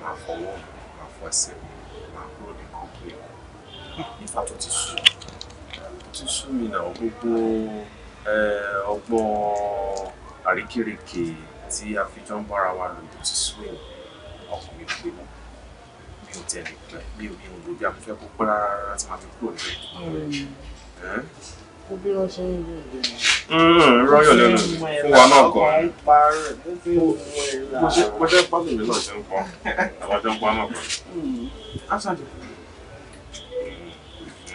máa fọwọ́ máa fọ ẹsẹ̀ máa kúrò ní kọ́pẹ́ nípa tó ti sú ti sú mi náà gbogbo eh, ọgbọ́n àríkèrèkè tí a fi jọ ń bára wa lò ó ti sú èyí ọkùnrin pé mọ́ mi ò tẹ̀lé pẹ́ mi ò ní òun lójú afẹ́fẹ́ kó pẹ́ rárá bí wọ́n ṣe ń yọ ìlú. rọ́yọ̀ lẹ́nu fún wa náà gan. mo ṣe pọ́sù mi náà ṣe ń pọ́n àwọn ṣe ń pọ́n náà gan. Hmm,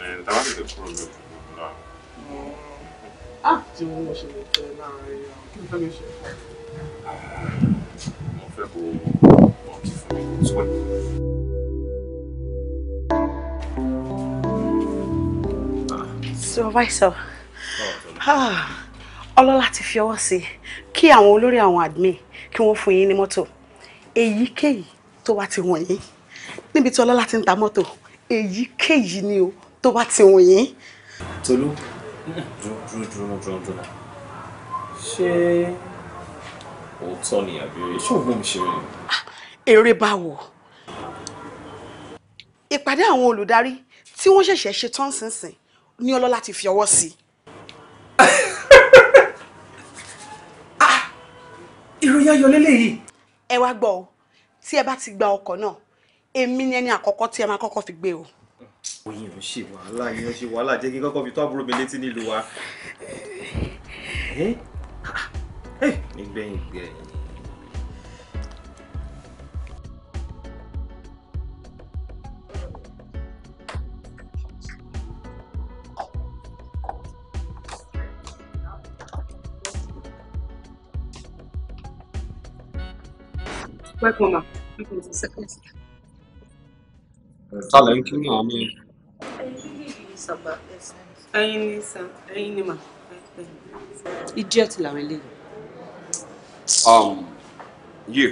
eh, tàbá tètè kúrò lọ lọ. Hmm. Ah, tí wọ́n mọ̀ ṣe lè tẹ láàárín àwọn kí n fẹ́ lè ṣe. Ah, mo fẹ́ kó ọtí fún mi. supervisor ah, ọlọ́lá ti fi ọwọ́ sí kí àwọn olórí àwọn admin kí wọ́n fún yín ní mọ́tò èyíkéyìí tó bá ti wọ̀nyí níbi tí ọlọ́lá ti ń ta mọ́tò èyíkéyìí ni o tó bá ti wọ̀nyí. Tolú dúró dúró dúró dúró ṣé òótọ́ ni àbí ṣé òògùn mi ṣe rẹ̀. Ah, eré báwo ìpàdé àwọn olùdarí tí wọ́n ṣẹ̀ṣẹ̀ ṣe tán sínsìn ní ọlọ́lá ti fi ọwọ́ sí i. Ah, ìròyìn ayọ̀ lélẹ́yìí. ẹ wá gbọ́ o tí ẹ bá ti gba ọkọ̀ náà èmi ni ẹni àkọ́kọ́ tí ẹ máa kọ́kọ́ fi gbé o. oyin ò ṣe wàhálà yín ò ṣe wàhálà jẹ́ kí n kọ́kọ́ fi tó àbúrò mi létí nílùú wa. Eh? Eh? Ah, eh, nígbẹ̀yìn gbẹ̀yìn Wait, Mama. Tala ń kí ní àmì. Ẹyin ní sàn, ẹyin ní mà. Idiot làwọn eléyìí. Um, you,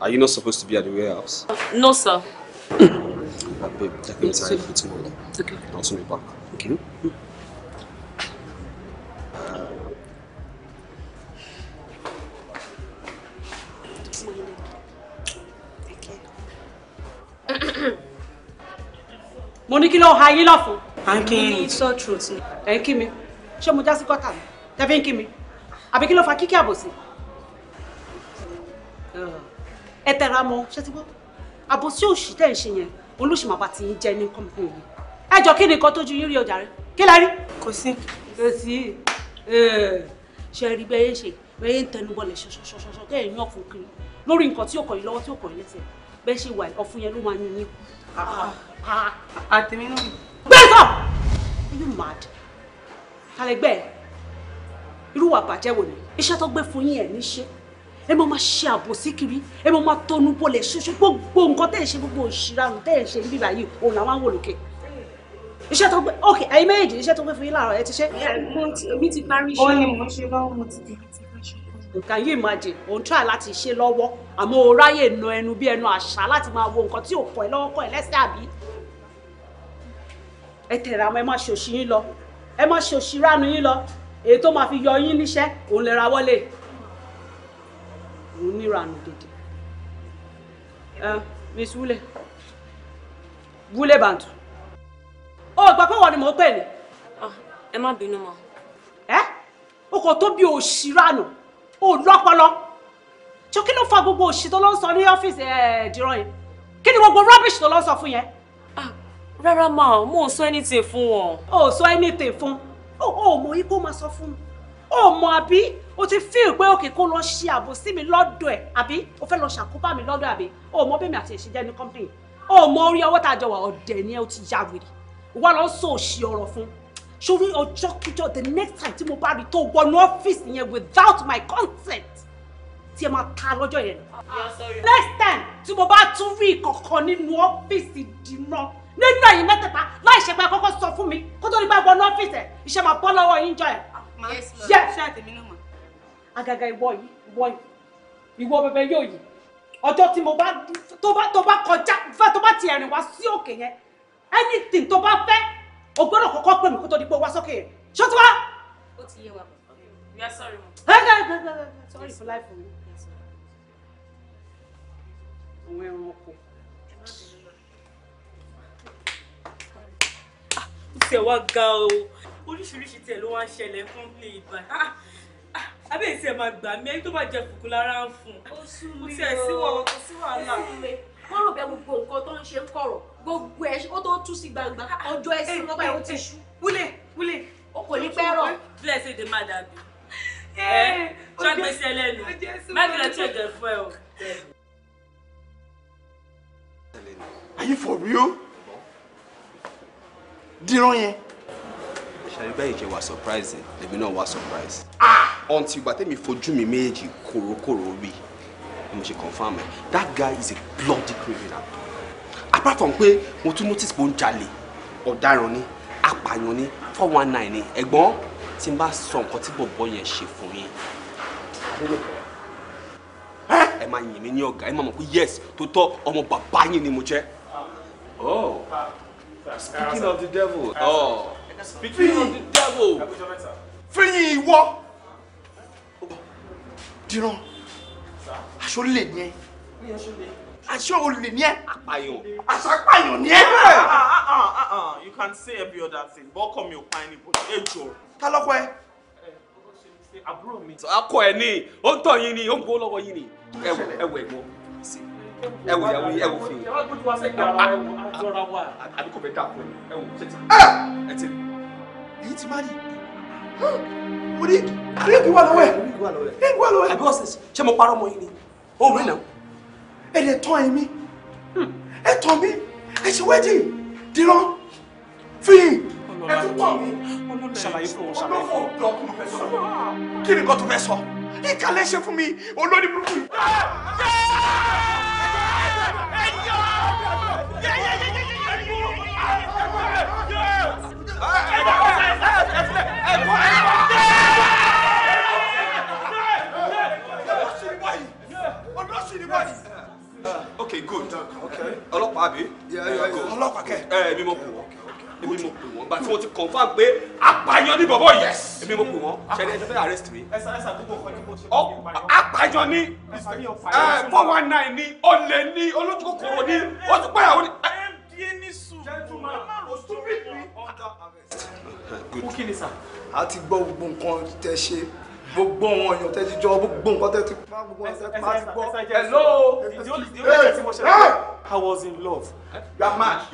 are you not supposed to be at the warehouse? No, sir. Babe, take me inside for tomorrow. Okay. I'll send you back. Okay. Hmm? ló ha yín lọ́fun. à ń kí yín. sore throat ni. ẹ ń kí mi ṣé mo já sí gọ́tà ni tẹ́fí ń kí mi àbí kí ló fa kíkí àbòsí. ẹ tẹra mọ́ ṣé ti gbọ́ àbòsí òṣì tẹ̀ ń ṣe yẹn olóṣì màbá ti ń jẹ́ ní kọ́mọkùn mi. ẹ jọ kí ni nǹkan tójú yín rí ọjà rẹ kí la rí. kò sí. kò sí ṣe rí bẹ́ẹ̀ ṣe bẹ́ẹ̀ ń tẹnubọlẹ̀ ṣọṣọṣọṣọ tẹ́ ẹ̀ yín ọ̀fun kiri lórí nǹkan tí ò kọ̀ yín lọ́wọ́ tí ò kọ̀ yín lẹ́sẹ̀ bẹ́ẹ̀ ṣe wà ọ̀fun yẹn ló máa ń yín àtẹ̀mí nù. gbé sọ. are you mad? kàlẹ́gbẹ́ irú wa bàjẹ́ wo ni iṣẹ́ tó gbé fún yín ẹ̀ ní ṣe ẹ máa ma ṣe àbòsí kiri ẹ máa ma tọnu bọlẹ̀ ṣoṣo gbogbo nǹkan tẹ̀ ẹ̀ ṣe gbogbo òṣìṣiranu tẹ̀ ẹ̀ ṣe níbí báyìí òun làwọn wò lókè iṣẹ́ tó gbé ok ẹ̀yin méjèèjì iṣẹ́ tó gbé fún yín láàárọ̀ ẹ ti ṣe. mi ti parí iṣẹ́. ó ní mo ṣe lọ́wọ́ mo ti di ibi tí can you imagine òun try láti ṣe lọ́wọ́ àmọ́ o ráyè na ẹnu bí ẹnu àṣà láti máa wo nǹkan tí ò kọ́ ẹ lọ́wọ́ kọ́ ẹ lẹ́sẹ̀ àbí. ẹ tẹ̀ra àwọn ẹ má ṣe òṣì yín lọ ẹ má ṣe òṣì ránu yín lọ èyí tó máa fi yọ yín níṣẹ́ òun lè ra wọlé òun níranù dèdè. miss wule wule bantu o gbà pé wọ́n ni mò ń pè ní. Ah, ẹ má bínú mọ́. ẹ o kò tó bí òṣì ránu ò lọ́pọlọ tó kí ló fa gbogbo òṣì tó ló ń sọ ní ọ́fíìsì ẹ̀ẹ́dìrọ̀ yìí kí ni gbogbo rubbish tó ló ń sọ fún yẹn. Ah, rárá mà ó mò ń sọ anything fún wọn. o ò sọ anything fún o ò mọ yìí kó máa sọ fún mi o ò mọ àbí o ti feel pé òkè kó lọ ṣe àbòsí mi lọ́dọ̀ ẹ̀ àbí o fẹ́ lọ ṣàkóbá mi lọ́dọ̀ àbí o ò mọ bẹ́ẹ̀ mi àti ẹ̀ṣẹ̀ ní company o ò mọ orí ọwọ́ tá a jọ wà ọ̀dẹ̀ ni ẹ o ti yá wèrè lọ sọ òṣì ọ̀rọ̀ fún sórí ọjọ́ kíjọ́ the next time tí mo bá rí tó wọnú ọ́fíìsì yẹn without my consent tí ẹ máa ta lọ́jọ́ yẹn. next time tí mo bá tún rí ìkọ̀kan nínú ọ́fíìsì dìmọ́ nínú ẹ̀yìn mẹ́tẹ̀ẹ̀ta láì ṣe pé ẹ kọ́kọ́ sọ fún mi kó tó ní bá wọnú ọ́fíìsì ẹ̀ iṣẹ́ máa bọ́ lọ́wọ́ yín jọ ẹ̀. àgàgà ìwọ yìí ìwọ yìí ìwọ bẹbẹ yóò yìí ọjọ́ tí mo bá tó bá kọjá tó bá tiẹ̀ rìn wá sí òkè yẹn anything tó bá fẹ́ o gbọ́dọ̀ kọ́kọ́ pè mí kó tó di pé o wá sókè ṣó ti wá. ó ti yé wa mọ̀ we sorry for life o. àwọn ẹran ọkọ. ó tiẹ̀ wá ga o oríṣiríṣi tiẹ̀ ló wá ṣẹlẹ̀ fún mi ìgbà ah, ah, ah. abẹ́ ìsẹ̀ máa gbà mí ẹni tó bá jẹ kùkù lára ń fún ó sún mi o ó sì wà wọ́n rò bẹ́ẹ̀ gbogbo nǹkan tó ń ṣe ń kọ̀rọ̀ gbogbo ẹ̀ ó tó tú sí gbangba ọjọ́ ẹ̀sìn wọn báyìí ó ti ṣú. Eh, eh, wúlẹ̀ wúlẹ̀ o kò ní pẹ́ rọ̀. kílẹ̀ ṣe dé má dàbí. Eh, ẹ ṣàgbéṣẹ́ lẹ́nu mákìlẹ̀ tí ẹ̀jẹ̀ fún ẹ o. Are you for real? dírán yẹn. ṣàrígbá ìjẹ wà surprise lèmi náà wà surprise. Ah! until ìgbà tẹ́mi fojú mi méjèèjì kòrókòró rí i mo ṣe confam ẹ that guy is a bloody criminal apart from pé mo tún notice pé ó ń jalè ọ̀daràn ni apààyàn ni four one nine ni ẹ̀gbọ́n tí n bá sọ nǹkan tí bọ̀bọ̀ yẹn ṣe fún yín ẹ máa yìn mí ní ọ̀gá ẹ máa mọ̀ pé yes tó tọ́ ọmọ bàbá yín ni mo jẹ́. oh speaking of the devil oh speaking of the devil fíyìn ìwọ dìran aṣọ lè ní ẹ aṣọ olè ni ẹ. àpàyàn. àṣàpàyàn ni ẹ. Ah, ah, ah, you can say every other thing but bọ́kọ̀ mi ò pa ẹni bò ẹ jọ. ta lọ́kọ ẹ. àbúrò mi. akọ ẹ ní ó ń tọ̀ yín ni ó ń gbó lọ́wọ́ yín ni ẹwù ẹwù ẹ̀gbọ́n ẹwù ẹwù ẹwù fi. àbí kò fẹ́ dà fún ẹwù ṣètì. ẹ ti èyí ti má rí orí àríkì wà lọ́wọ́ ẹ̀ àríkì wà lọ́wọ́ ẹ̀ àbí ọ̀sẹ̀ ṣé mo parọ́ mọ́ yín ni ó rí náà ẹ lè tán ẹ̀mí ẹ tán mi ẹ ṣe wẹ́dì dìran fihìn ẹ tún tán mi. ṣàlàyé fún wọn ṣàlàyé fún wọn. kí ni nǹkan tó fẹ́ sọ ìkàlẹ̀ ṣe fún mi olórí burúkú yìí. Everybody! Ah, okay, good Okay. ọlọ́pàá àbí ọlọ́pàá kẹ ẹ eh, mi mọ̀ pé wọ́n èmi mo pè wọ́n gba tí mo ti confam pé apààyàn ni bọ̀bọ̀ yẹn èmi mo pè wọ́n ṣẹlẹ ẹ fẹ́ arrest mi. apààyàn ni eh, four one nine ni olè ni olójú kòkòrò ni ó ti pààyàwó ni. good a ti gbọ́ gbogbo nǹkan tẹ ṣe gbogbo àwọn èèyàn tẹ́ ti jọ gbogbo nǹkan tẹ́ ti pa gbogbo nǹkan pa ti gbọ́ hello the only the only thing mo ṣe I was in love. you are mad.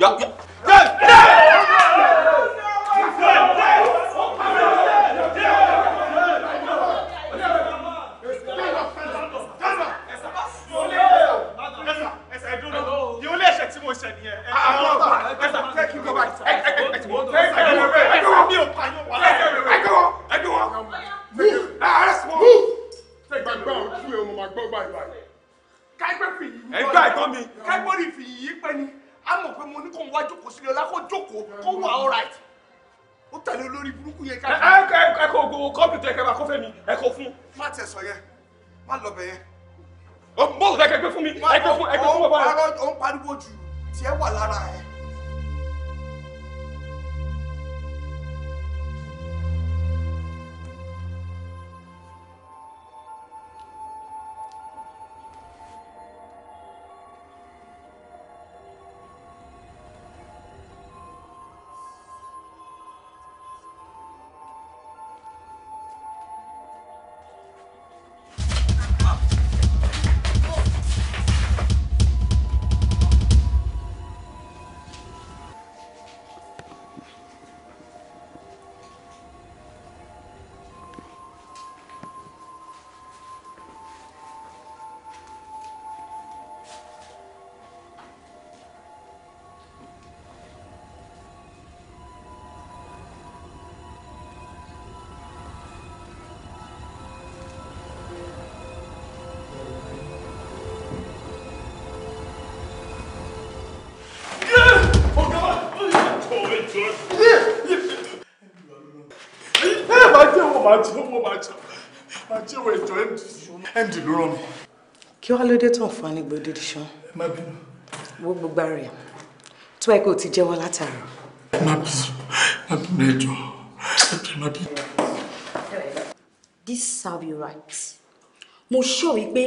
md ló rán mi. kí wàá lóde tó ń fún anígbò dídí ṣan. ẹ má bínú. wo gbogbo ara ẹ tó ẹ kò ti jẹ́wọ́ látàárọ̀. má bínú má bínú ẹ jọ ẹ má bínú. this serve you right mo ṣọ́ yìí pé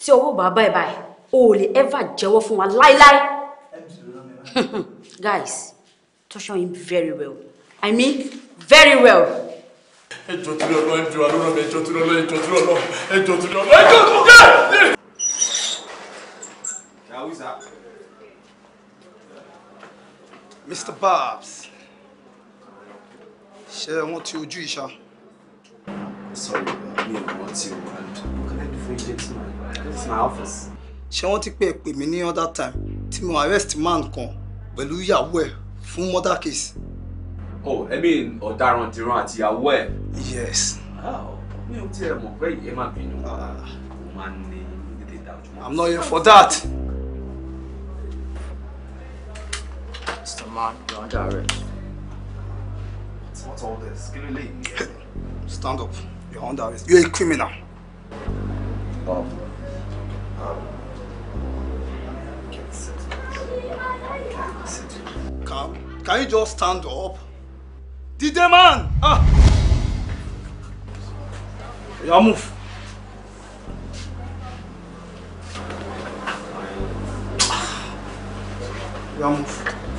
tí ọwọ́ bàbá ẹ̀ báyìí o ò lè ever jẹ́wọ́ fún wa láéláé. guys touch on him very well i mean very well. Mr. Babs, ṣé ẹ wọ́n ti ojú ìṣá? Sorry, mi ò wọ́n ti can I do for you gentleman? This is my office. Ṣé wọ́n ti pè é pè mí ní other time tí mo arrest man kan pẹ̀lú ìyàwó ẹ̀ fún murder case? oh I mean ọ̀daràn tìran àti ìyàwó ẹ̀. yes. Ah, mi ò tiẹ̀ mọ̀ pé ẹ má bínú ah. o máa ń ní tètè dájú. i'm not here for that. Mr. Man, you're under arrest. What's all this? Can you leave me? Stand up. You're under arrest. You're a criminal. Um, oh. can, can you just stand up? Dìde man! Ah! Oya move. Ah. Oya move.